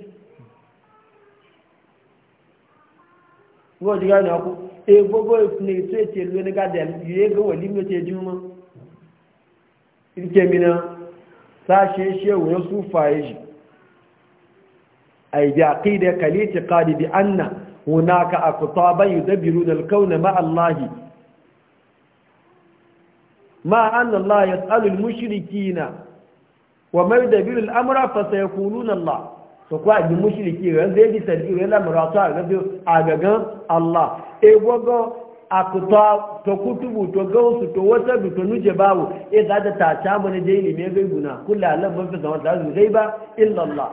wo diga ne ku e gogo ne soyayya lo ne gaje ye ga wali mu te juma ilke mina she shewu ya su faiji أي بعقيدة الاعتقاد بأن هناك أكتابا يدبرون الكون مع الله ما أن الله يسأل المشركين وما يدبر الأمر فسيكونون الله sọkwá ìgbì mọ́ṣìlìkì rẹ̀ ń zẹ́ ìdí sẹ̀lẹ̀kì rẹ̀ lámọ̀rọ̀ àtọ́ àgbẹ̀gbẹ̀ àgbẹ̀gbẹ̀ allah egbogbo àkùtọ́ tọkútùbù tọgọ́ọ̀sù tó wọ́tẹ́bù tó nújẹ báwò ìdájẹ́ta àti àmọ́ni jẹ́ ìlú mẹ́gbẹ̀gbùn náà kúlẹ̀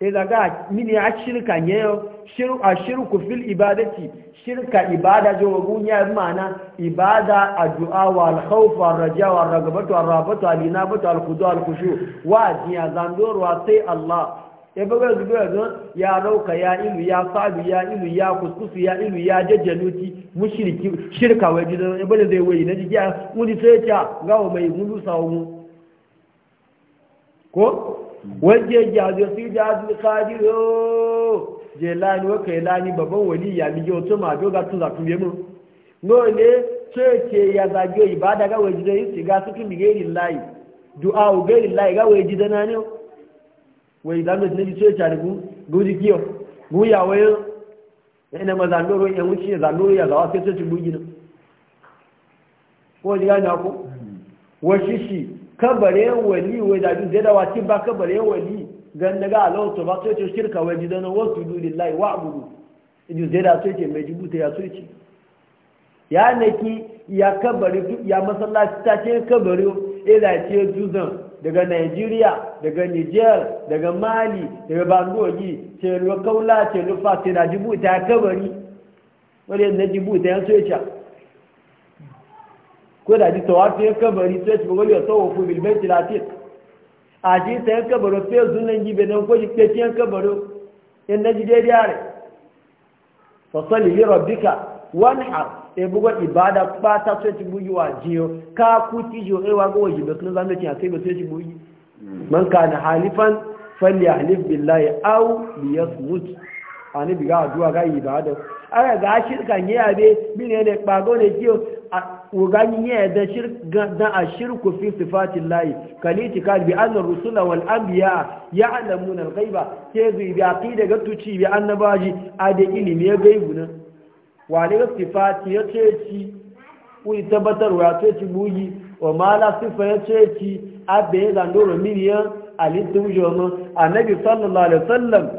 idan ga mini a shirka ne a shirku fil ibadati shirka ibada jo gunya mana ibada addu'a wa khawf wal raja ragabatu wal rabatu wal inabatu wal wa jiya zandoro wa sai Allah e bagar zubi yanzu ya rauka ya ilu ya fadu ya ilu ya kuskusu ya ilu ya jajjaluti mushriki shirka wai gidan zai sai ta gawa mai gudu sawu ko wajen jazo su jazo kadiro je lani wa kai lani babban wali ya mi yoto ma do ga tun zafi tun no ne ce ya zage da ga waje da yin ga su kin bigeri layi du'a u gari lai ga waje da ne wai da mutum ne ce ta rubu guji kiyo mu ya wayo ina mazandoro ya wuce zandoro ya zawa sai ta ci bugi ko ji ga na ko kabare wali wai da duk da wati ba kabare wali gan daga Allah to ba to shirka wai jidan wa sudu lillahi wa abudu idu zai da sai ce mai jibuta ya sai ya naki ya kabari ya masallaci ta ce kabari ila e ce juzan daga Nigeria daga Niger daga Mali daga Bangoji ce ruwa kaula ce lufa ce da jibuta ya kabari wani na jibuta ya sai ko da ji tawafi ya kabari sai shi gwali ya tsawo ku bilbai tilatin a ji ta ya kabaro sai zunan gibe nan ko shi ya kabaro in na ji yare fasali rabbika ibada ba ta sai ci buyi wa jiyo ka ku ti sai sai man halifan billahi biga ga ibada ara ga shirka ne abe bi ne ne ugani ne da shirka da ashirku fi sifatin layi kaliti kal bi anna rusula wal anbiya ya'lamuna al ghaiba ke zai bi aqida ga tuci bi annabaji a da ilimi ya gaibu nan wa ne sifati ya ce ku tabbatar wa ce ci wa mala sifa ya ce ci abe da ndoro miliyan alidu jomo annabi sallallahu alaihi wasallam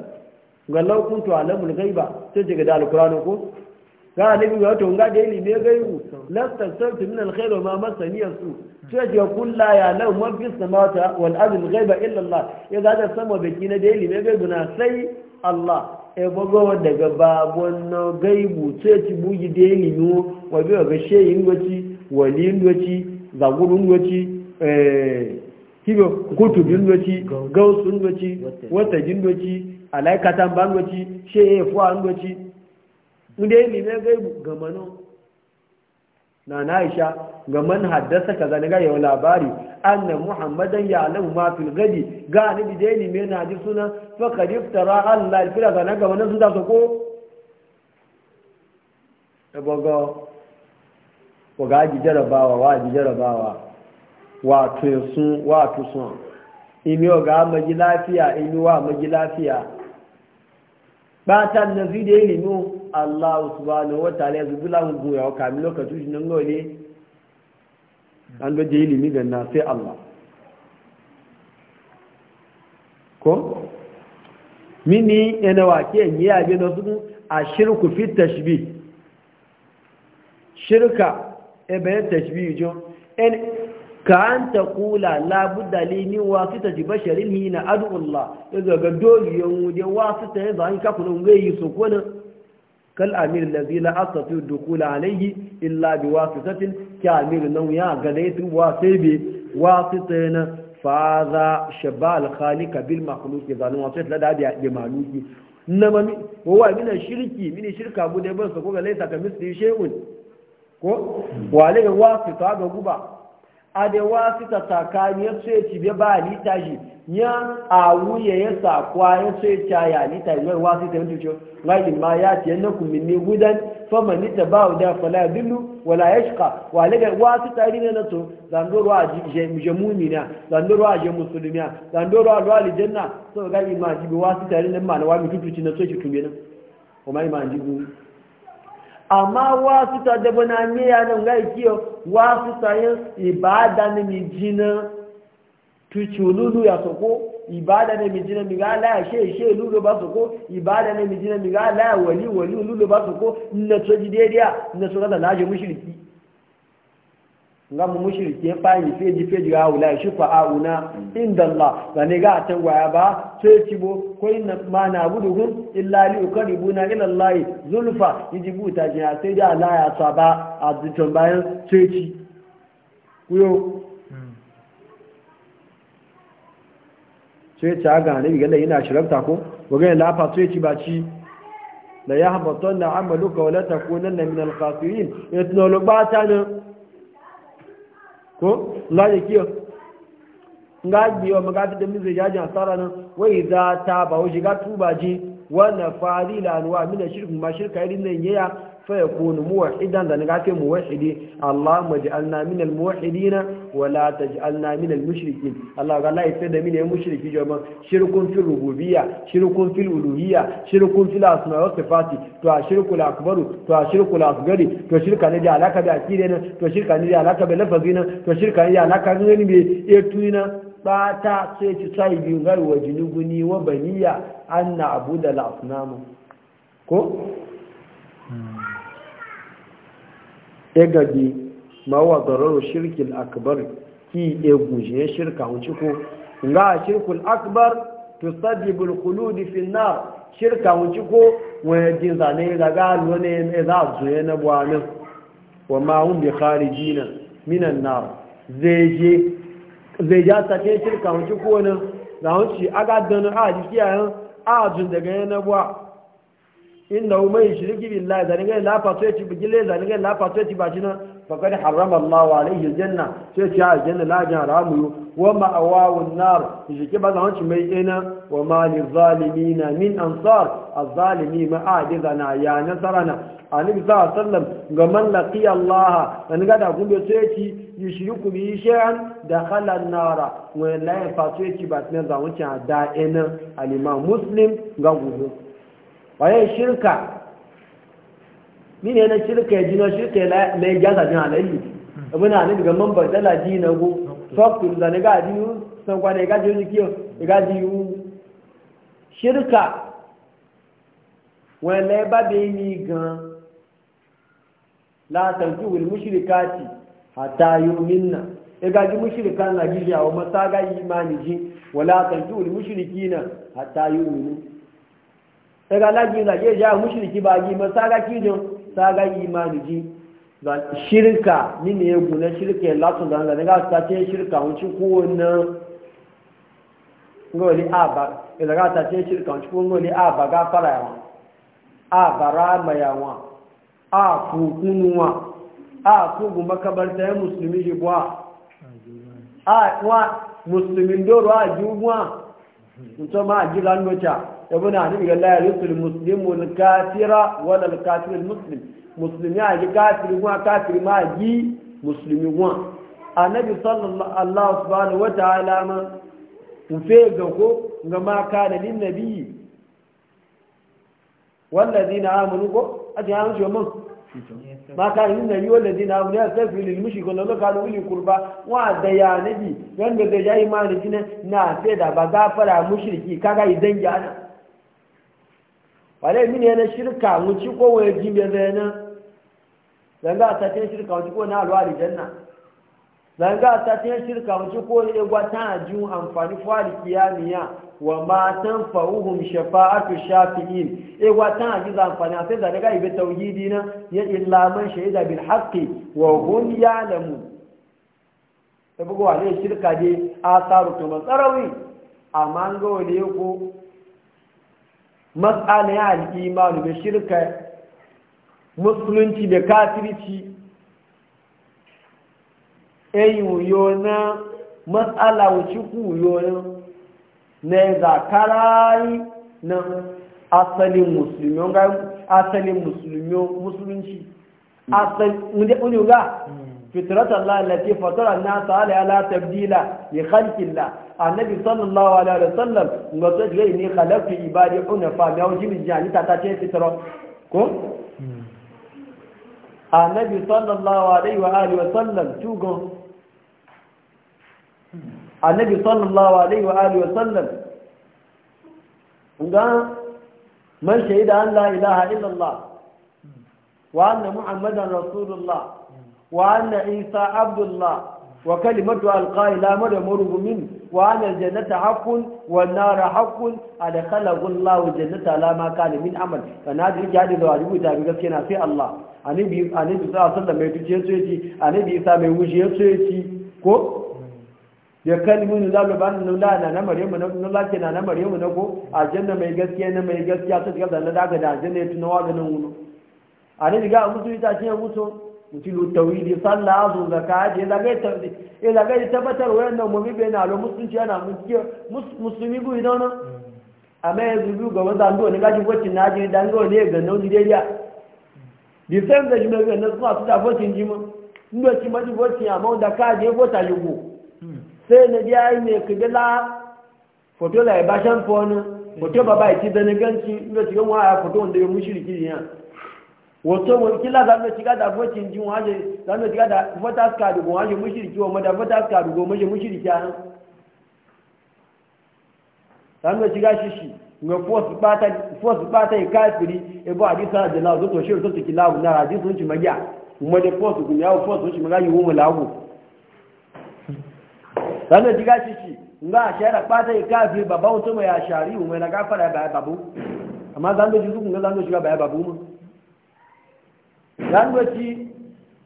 ga law kuntu alamul ghaiba sai daga da ko ga nabi wato nga da ilimi gaibu sarfi min alkhair wa ma masaniya su sai ya kulla ya lau man fi samata wal ardi ghaiba illa Allah ya ga da sama baki na da ilimi gaihu. na sai Allah e bago daga babon no gaibu sai ci buji da ilimi wa bi ga sheyin goci walin goci zagurun goci eh kibo kutubin goci gausun goci wata jin goci alaikatan ban goci sheye fuwa goci inda yi ne ga mano na naisha aisha ga man haddasa kaza ga yau labari anna muhammadan ya alamu ma fil gadi ga ni da yi ne na ji suna fa kad iftara allah alfira ga na ga mano sun da so ko da bago ko ga ji jarabawa wa ji jarabawa wato sun wato sun imi ga maji lafiya imi wa maji lafiya bata na zide ya nemi Allah subhanahu wa ta'ala ya bila mun goya wa kamin lokacin shi nan gole an ga je ilimi ga na sai Allah ko mini yana wake yi ya bi na su a shirku fi tashbih shirka ebe tashbih jo en ka ta kula labudda li wasu ta ji basharin na ad'ullah daga ga dole yan wuje ta yi zan ka kulun ga yi sokona kal amir allazi la astati dukula alayhi illa bi wasitatin ka amir nan ya ga dai tun wasai bi wasita na fa za shabal khaliq bil makhluq zalun wasita da bi maluki nama mi wa mina shirki mini shirka bu da ban sa ko ga laisa ka misli shay'un ko wa wasu wasita ga guba wasu suka tsakani ya ce ci bai ba halitta shi ya awu ya ya sakwa ya ce ci a halitta ya ruwa su ta yi tuce ra'in ma ya ce yana kumin gudan fama ni ta ba da fala dillu wala ya shika wa ga wa su tari na to zandoro a jamuni na zandoro a jamu sulumiya zandoro a ruwa lijanna so ra'in ma jibi wa su tari ma na wa mututuci na so ki tume na kuma ma jibi amma wasu ta dabo na ne ya nan ga kiyo wasu ta yin ibada ne mi jina tuchululu ya soko ibada ne mi jina mi ga ya she she lulu ba soko ibada ne mi jina mi ga ya wali wali lulu ba soko na to ji dai na so da laje mushriki ngamu mushrike fani feji feji ga wula shufa auna inda Allah ba ne ga tan waya ba sai ci bo ko inna ma na buduhum illa li uqribuna ila Allah zulfa yijibu ta ji sai da Allah ya saba a dukkan bayan sai ci kuyo sai ta ga ne ga yana shirafta ko ga ne lafa sai ci ba ci la yahbatanna amaluka wa la takunanna min al-khasirin ba ta ne ko laje kiyo nga biyo magata da min zai asara nan wai za ta ba wuce ga tubaji wannan fadila anwa min shirku ma shirka irin nan yaya فيكون موحدا ذنقاك موحدي اللهم اجعلنا من الموحدين ولا تجعلنا من المشركين الله قال لا يفيد من المشرك جمع شرك في الربوبية شرك في الألوهية شرك في الأسماء والصفات تو شرك الأكبر تو شرك الأصغر تو شرك نجي لك بأكيدنا تو شرك نجي لك بلفظنا تو شرك نجي لك بإيتونا bata sai ci sai biyu garwa junubuni wa baniya an na abu da egagi mawa dararo shirkin akbar ki eguje shirka wuce ko nga shirkul akbar tusabibu alkhulud fi an-nar shirka wuce wani jin zane daga lone ne e za su ne na bwana wa ma hum bi kharijina min an-nar zai je ta ke shirka wuce ko nan ga wuce aga dan a ji kiyayen a jun daga ne na bwana inna man yushriku billahi zani ga la fa sai bigile zani la fa sai bajina fa harrama Allahu alayhi aljanna sai ci aljanna la jan ramu wa ma awawu nar yake ba zan ci mai ina wa ma lil zalimina min ansar az-zalimi ma ajizana ya nasarana annabi sallallahu alaihi ga man laqiya Allah zani ga da gumbe sai ci yushriku bi shay'an dakhala an-nara wa la fa sai ci zan ci da ina al-imam muslim ga gube waye shirka mine na shirka ya jino shirka la ya jaza jin halalli abin na daga man bardala ji na go soft da ne ga ji san kwa ne ga ji kiyo ga ji shirka wala ba be ni gan la tanju wal mushrikati hatta yu'minna e ga ji mushrikan na gizi a gijawo masa ga imani ji wa wala tanju wal mushrikina hatta yu'minu daga lagi na ke ja mushriki ba gi ma saga kijin imani ji ba shirka ni ne yegu na shirka ya latu da hanga daga ta ce shirka wuce kowanne ngoli aba daga ta ce shirka wuce kowanne ngoli aba ga fara yawa a bara ma yawa a fukunuwa a kugu makabarta ya musulmi ji a wa musulmin doro a ji wa mutum ma a gizan nota ibn hanif ga la yusul muslimu al-kafira wala al-kafir al-muslim muslim a ji kafir kuma kafir ma a ji muslimi kuma annabi sallallahu wasallam wa ta'ala ma kufe ga ko ga ma kana lin nabiyyi wallazina amanu ko a ji hanjo mun ma ka yi na yi wanda zina abu ne a tafi lilmushi ko lalo kalu wuli kurba wa da ya nabi wanda da ya yi mani da jina na sai da ba gafara mushriki kaga idan ya ana wale mini yana shirka mu ko wani jimbe zai nan zanga a tafiye shirka mu ko na alwa da janna zanga ta ta shirka wuce ko ne gwa ta ji amfani fari kiyamiya wa ma tan fa'uhum shafa'atu shafi'in e gwa ta ji amfani a sai da daga ibe tauhidi na ya illa man shaida bil haqqi wa hum ya'lamu ta bugo wa ne shirka dai saru to masarawi amma ga wani ko mas'ala ya al-iman bi shirka musulunci da kafirci eyin yo na matsala wuce ku yo na ne zakarai na asalin musulmi ga asalin musulmi musulunci hmm. asal wunde wunde ga hmm. fitrat Allah allati fatara an-nasa ala la tabdila li khalqillah annabi sallallahu alaihi wasallam ngoto je ni khalaqtu ibadi unafa ya wajin jani ta ta ce fitrat ko hmm. annabi sallallahu alaihi wa alihi wasallam tugon annabi sallallahu alaihi wa alihi wasallam ga man shaida an la ilaha illallah wa anna muhammadan rasulullah wa anna isa abdullah wa kalimatu alqaila madamuruhu min wa anna aljannata haqqun wan nara haqqun adkhalahu allah jannata la ma kana min amal fa da jadi da wajibi da gaskiya na sai allah annabi annabi sallallahu alaihi sallam mai tuje yace annabi isa mai wuce yace ko ya mun da ba nan nula na na maryamu na nula ke na na maryamu na ko aljanna mai gaskiya na mai gaskiya ta shiga da ga da aljanna ya wa wa nan wuno a ne diga mutu ita ce mutu mutu tawidi salla azu zakka je zaga ta eh zaga ta wa nan mu be na lo musulunci yana musulmi bu ido na amma ya zubu ga wanda do ne gaji wacce na je dan go ne ga nan dai ya di sem da jima ga na su ta fotin jima ndo ci maji fotin amma da ka je vota yugo sai na biya yi mai kabila foto la ba shan foto ba ba ci da ni ganci inda cikin waya foto wanda ya mushriki ne wato mun kila za mu shiga da vocin jin waje za mu shiga da votas card go waje mushriki da votas card go maje mushriki an za mu shiga shishi nga force bata force bata e kafiri e bo hadisa da lawo to shi to kila na hadisi ci magiya mu da force kun yawo force sun ci wo mu lawo sannan ji gashi shi nga a shara kwata ya kafi babban mai a shari na gafara ya baya babu amma zan doji su kunga zan doji ga baya babu mu zan doji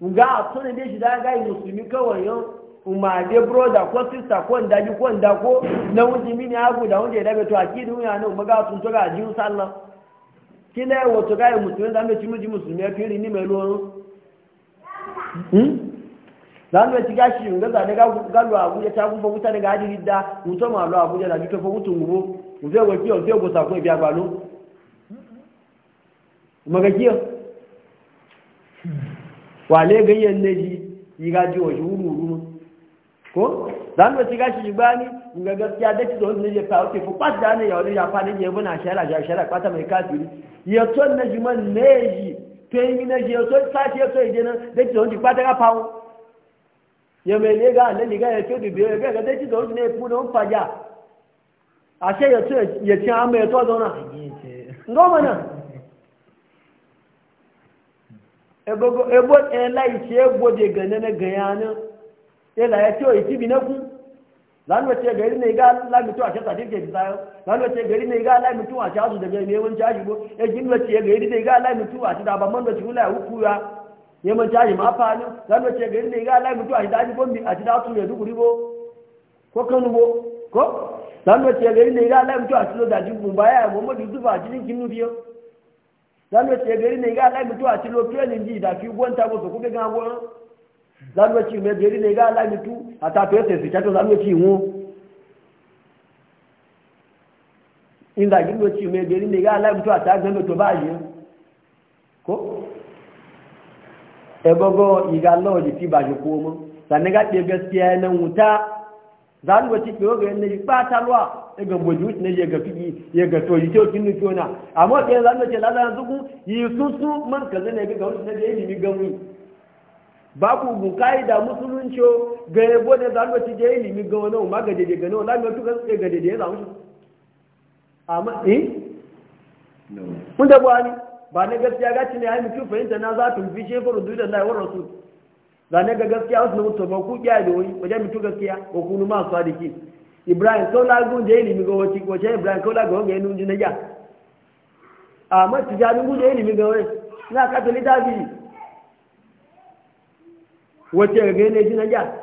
nga a suna dai shi daga yi musulmi kawai yau umade broda ko sista ko ndaji ko ndako na wuji mini agu da wunde da beto akidi wuya ne umaga sun wato musulmi zan doji musulmi ya mai zanu ci gashi mun gaza daga galo abuja ta gufa wuta daga hadi da wuta ma lo abuja da bito fa wutun gubo mu zai waki o zai gosa ko biya balo maga kiyo wale ganyen ne ji yi gaji o shi wuru wuru ko zanu ci gashi jibani mun ga gaskiya da ci don ne ya fa oke fu pat da ne ya wani ya pa ne ya buna shara shara kwata mai kafiri ya ton na jiman ne ji to yi ne ji to sa ce to yi ne da ci don ji kwata ka fawo yẹmẹlẹ e e e ga alẹ nìkan yẹn tó dìbò yẹn bẹẹ kẹtẹ títọ ọdún ẹkú ló ń fàjà àṣẹ yẹtọ yẹtí àmọ ẹtọ ọdún náà ngọmọ náà ebogo ebo ẹnla ìṣe egbòde gẹnẹnẹ gẹnyanu ẹlà ẹtí òyìtì bi nẹkú lánàá ẹtí ẹgẹrí ní igá lámìtú àṣẹ sáyọ ẹgẹrí ní àṣẹ àṣẹ yẹmọ tí a yìí máa fa ní lọ́nà tí ẹgbẹ̀rún lè mutu aláìmọ̀tò àìdájú bóńbì àti dátú rẹ̀ dúkùrúgbó kókànlúwó kó lọ́nà tí ko lè ne aláìmọ̀tò àti mutu bùnbáyà mọ́mọ́dù yusuf àti ní kínú bí ó lọ́nà tí ẹgbẹ̀rún lè rí aláìmọ̀tò àti lọ pírẹ́lì ní ìdàfi gbọ́ntà gbọ́sọ̀ kó gbẹ́gàn wọ́n lọ́nà tí ẹgbẹ̀rún lè rí aláìmọ̀tò àtàtọ̀ ci ìṣàtọ̀ lọ́nà ne ìwọ̀n ìdàgbìn mutu ebogo iga lawaji ti ba shi komo sannan ga ɗaya gaskiya na wuta za ni wace ke waga yanayi ɓata ruwa ya ga boji wuce na ya ga fiki ya ga toji ta wakin nufi wana amma ɗaya za ni wace lazara zuku yi susu man kaza na ga wuce na da ilimi gamu babu bukai da musulunci ga ya bude za ni wace da ilimi ga wani umar ga daidai ga nawa lami wata ga daidai ya zamu shi amma eh mun da buwani ba na gaskiya gaci ne ya yi mutu fahimta na za ta fi shefar dudun lai wa rasul za ne ga gaskiya wasu na mutu ba ku kiyaye da wani wajen mutu gaskiya ko kunu ma su hadiki ibrahim kaula gun da ya nemi ga wati wace ibrahim kaula ga wanga ya nunji na ya amma tijani gun da ya nemi ga wani na katolita biyu wace ga gane ji na ya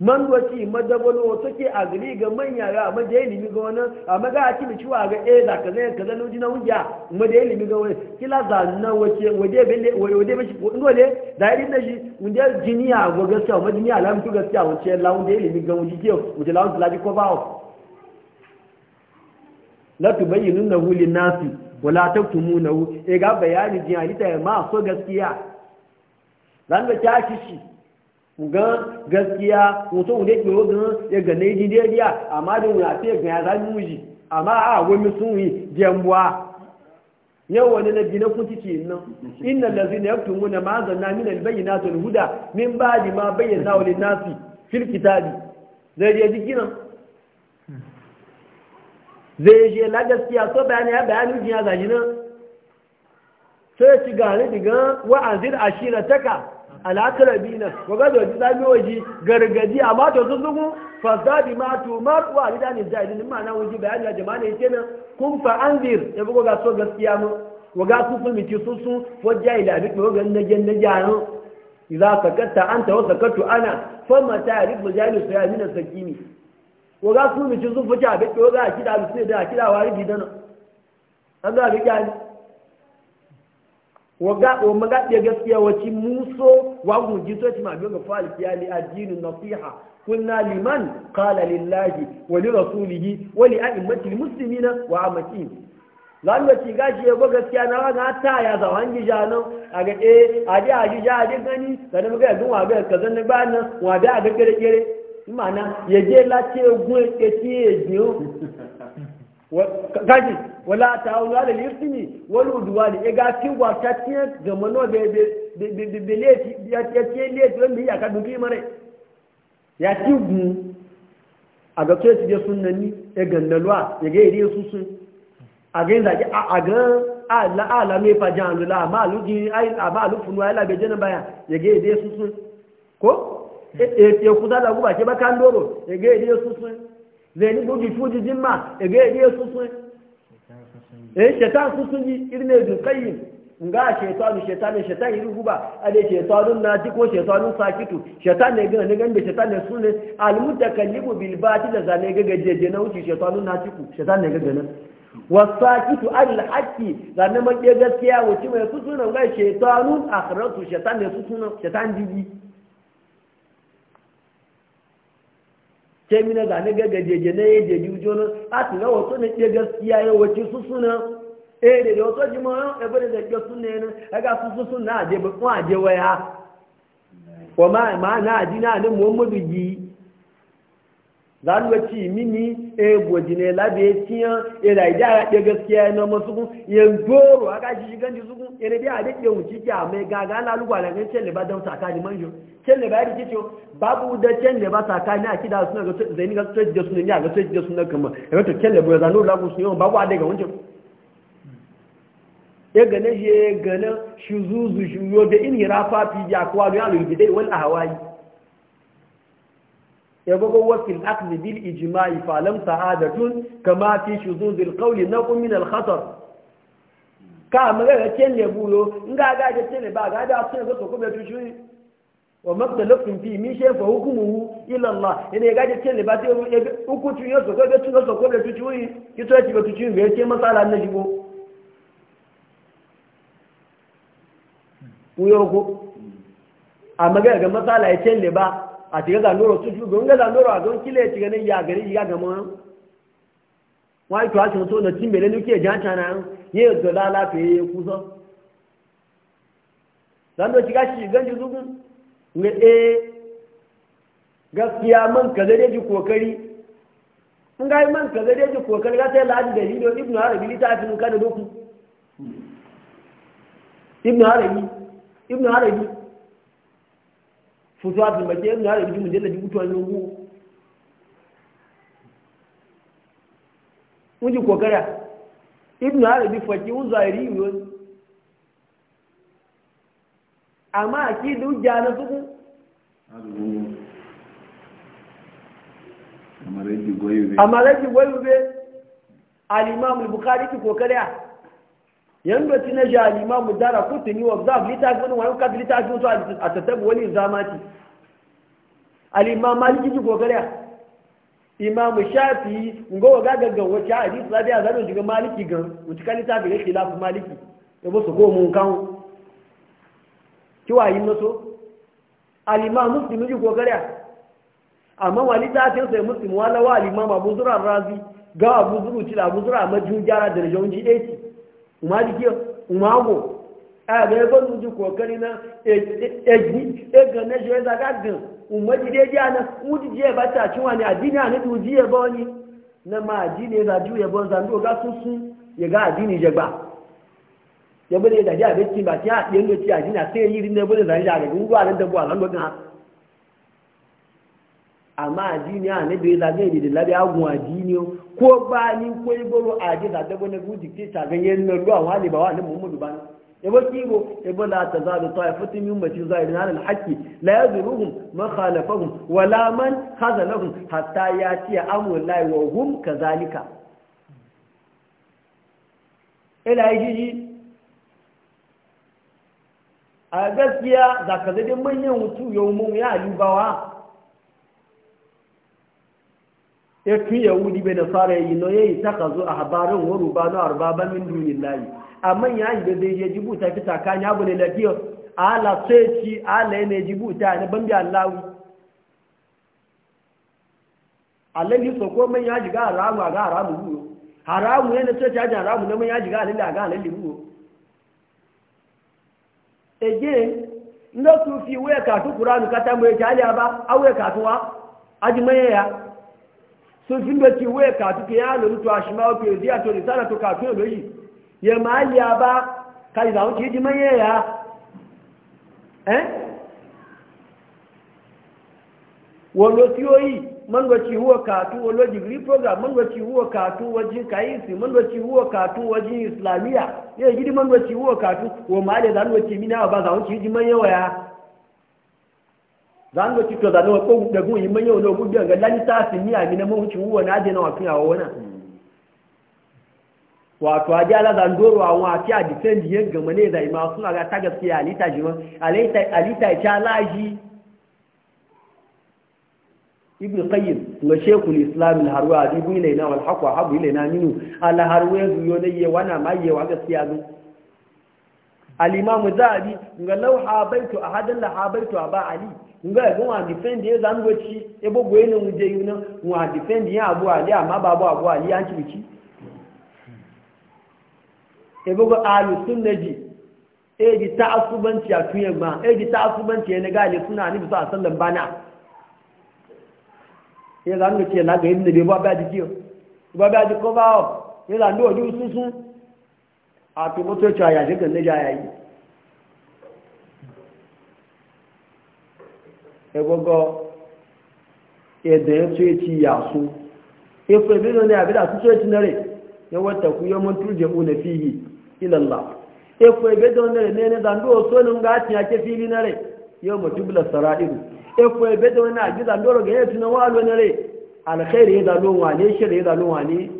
man doki madabalo take a gari ga manya ga amma da ilimi ga wannan amma ga aki mi ciwa ga eh da kaza kaza nuji na wuya amma da ilimi ga wannan kila za na wace waje belle waje bashi ko dole da yi da shi da jiniya ga gaskiya amma jiniya la mutu gaskiya wace la unde ilimi ga wuji ke da la unde la ko bawo la na huli nasi wala hu? e ga bayani jiniya lita ma so gaskiya dan da kya shi ga gaskiya mutum da ke rodin ya gane ji daidaiya amma da wuna ce ga ya zami wuji amma a wani sun yi jambuwa yau wani na gina kun ciki nan ya lazina na, ma zanna min da huda, min ba di ma bayyana lin nasi fil kitabi zai je nan zai je la gaskiya so bayani ya bayani jiya nan sai ci gane diga wa'azir ashirataka alakarabina waga da wajen zami waje gargadi a mato sun zugu fasadi mato mato wa alida ne zai idin ma na waje bayani ga jama'a ne kenan kun fa'anzir anzir ya bugo ga so gaskiya mu waga ku fun miti sun sun wajja yi labi kuma wajen na gyan na Za ka kata an ta wasa sakatu ana fa ya ta'rifu jani sayamina sakini waga ku miti sun fuja bi ko a kida bi ne da a kida yi gidan an ga a gani waga o gaskiya wace muso wa mu ji so ci ma biyo ga fali ya li addinu nasiha kunna liman qala lillahi wa li rasulihi wa li a'immati muslimina wa amatin lan wa ci ya gaskiya na ga ta ya za wangi jano a ga eh a ji a ji ja a ji gani da mu ga dun wa ga kazan ne ba nan wa da ga kere kere imana ya je la ce gun ke ti e gaji wala ta hau ala lirtini wani uduwa ne ya gafi wata tiyan ga mano da ya ce don wanda ya kaɗu fi mara ya ci gun a ga ce ya sunanni ya e gandalwa ya ga iri su sun a ga yin zaki a ga ala mai fajan alula a a ma'alufin wa yana bejina baya ya ga iri su sun ko ya kusa da guba ke bakan doro ya ga iri su sun zai bugi fuji jimma e ga yadda su sun eh shaitan su sun yi irin yanzu kayin nga shaitanu shaitanu shaitan irin guba a dai na naji ko shaitanun sakitu shaitan ne gina ne gan da shaitan ne sun ne almutakallimu bil batil da zane ga gajeje na wuce na naji ku shaitan ne ga ganin wasakitu al haqqi zane ma gaskiya wuce mai su sunan ga shaitanun akhiratu shaitan ne su sunan shaitan jiji ke mina ga na gaga jeje na yaje jujo na a ti wato ne ke gaskiya ya wace su na, eh da da wato jima e bane da ke sunne ne aga su su suna na e ba ko e aje waya wa ma na ji na ne muhammadu ji ci mini e gwaji ne labe tiyan e da ida ya gaskiya e na masu kun yan doro aka ji shigan ji sukun ya e biya a dake wuci ki a mai gaga na lugwa da kan celle ba don sakani manjo celle ba ya rike babu da celle ba sakani a kida suna ga zaini ga tsaji e da suna ya ga tsaji da suna kama ya to celle ba zanu lagu su yau babu a daga wancan ya gane shi ya gane shi zuzu shi yau da in hirafa fi ya kwa ya wani a hawaii yabago wakil akli bil ijma'i fa lam sa'adatun kama fi shuzuz al qawl naqum min al khatar ka magana ken le buyo nga ga ga ken le ba ga da sun ga ko be tushi wa mabtalafin fi min shay fa hukmuhu ila Allah ina ga ga ken le ba sai uku tu yo so ko be tu so ko be tushi ki to ki be tushi be ke masala na jibo buyo ko a magana ga masala ya ken le ba àti gẹ́gà lóró tútù gbọ́n gẹ́gà lóró àdó kílẹ̀ ti gẹ́gẹ́ ya gẹ́rẹ́ yìí gàgà mọ́ wọ́n ìtọ́ àti tó lọ tí mẹ́lẹ́ ní kí tana yé ètò lálá e gaskiya man ji kokari in ga man ji kokari ga sai ladi da ibnu arabi kada doku ibnu arabi ibnu arabi fusu a tumake yin da rubutu mujallabi mutuwa yin gu mun ji kokara ibnu arabi faki un zahiri yiwu amma a ki da hujja na suku amma rage goyi be al-imam al-bukhari ki kokara yanda ci na ma mu dara ko tuni wa za bi ta wani ka bi ta a tattabu wani zamati al imam maliki ji gogare imam shafi ngo ga gaggan a hadisi sabi a zanin shiga maliki gan mutu kan ta bi lafi maliki ya basu ko mun kan kiwa yi maso naso al ji gogare amma wani ta sai sai muslim wala wa al abu zura razi ga abu zuru ci abu zura da rajon 80 ma jike umago a ga kokari na egi ega na shi ya zaga umaji dai jiya na wuji jiya ba ta ciwa ne addini a nufi wuji ya ba na ma addini ya zaju ya ba zando ga sun sun ga addini ya ba ya bude da jiya bai kin ba ta a ɗin da ci addini a sai yi rin da bude zanje a ga gungu a nan da buwa nan da amma addini a ne bai zage da labi agun addini ko ba ni ko igoro a ji da dabo na guji ke ta ganyen na ruwa wani ba ne muhammadu ba ne yabo kibo yabo la tazalu ta'ifatu min ummati zahirin ala alhaqi la ma man khalafahum wala man khazalahum hatta yati amu lai wa hum kazalika ila yiji a gaskiya zaka manyan mutu yau mun ya yubawa etu yahudi bai nasara e yi no yayi taka zo a habarin wa rubanu arbaba min dunillahi amma ya yi da zai je jibuta fita kan ya bune lafiya ala sai ci ala ne jibuta ne bambi allahu Allah yi soko man ya jiga haramu ga haramu buyo haramu ne sai ta haramu ne man ya jiga halalla ga halalla buyo again ndo tu fi we ka tu qur'an kata mu ya ba awe ka tuwa ajimaye ya sun fi doki waya kafin ke yana rutu a shi mawa fiye ziya to risala to kafin da yi ya maliya ba ka yi zaun ciji manye ya eh man katu wolo degree program man chi huwa katu wajen kayisi man chi huwa katu wajen islamiyya ya gidi man doki huwa katu wa maliya zaun doki mina ba zaun ciji manye ya zango cito da no ko da go yimma yau no gudda ga lani ta fi ni amina mu ci wuwa na je na wa kiyawa wana wato aje ala zandoro awon ati a defend yen gama ne da ima suna ga ta gaskiya alita ji ma ta alita ta laji ibn qayyim wa shaykhul islam al harwa ibn ilayna wal haqwa habu ilayna minu al harwa yuyo ne wana ma ye wa gaskiya zu alimamu zaabi nga lau baytu ahadan la baytu aba ali nga go wa defend go chi e bo go ne mu je yuna wa defend ya abu ali ama ba abu abu ali e an chi e bo alu sunnaji e di ta'assuban ti tuye ma e ta'assuban ti ne ga le sunna ni bisa sallan bana go zangoci na ga ibn de bo ba ji ko bo ba ji ko ba ya zangoci sunsun a fi mutu a ya jikin na jayayi egogo yadda e ya so ya ci yasu ife e bizo ne abin da su so ya ci na rai ya wata ku yi mun turje una fiye ilalla ife e bizo ne ne ne zando so ne ga ci ya ke fili na rai yau mutu bila sara'iru ife bizo ne a gizo ga ya tuna walo na rai alkhairi ya zalo wane shirin ya zalo wane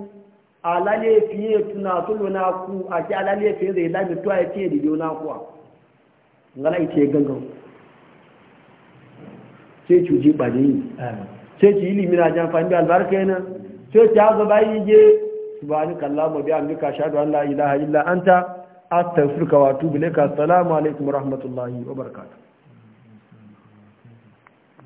alale fiye tuna tulu na ku a ki alale fiye zai lami tuwa ya ce da na kuwa ngala ite gangan sai ci ji bade yi sai ci ilimi na jan fahimbi albarka yana sai ci hazo bayi je kalla allahumma bi amrika shaɗu an la ilaha illa anta astaghfiruka wa ne ka salamu alaikum rahmatullahi wa barakatuh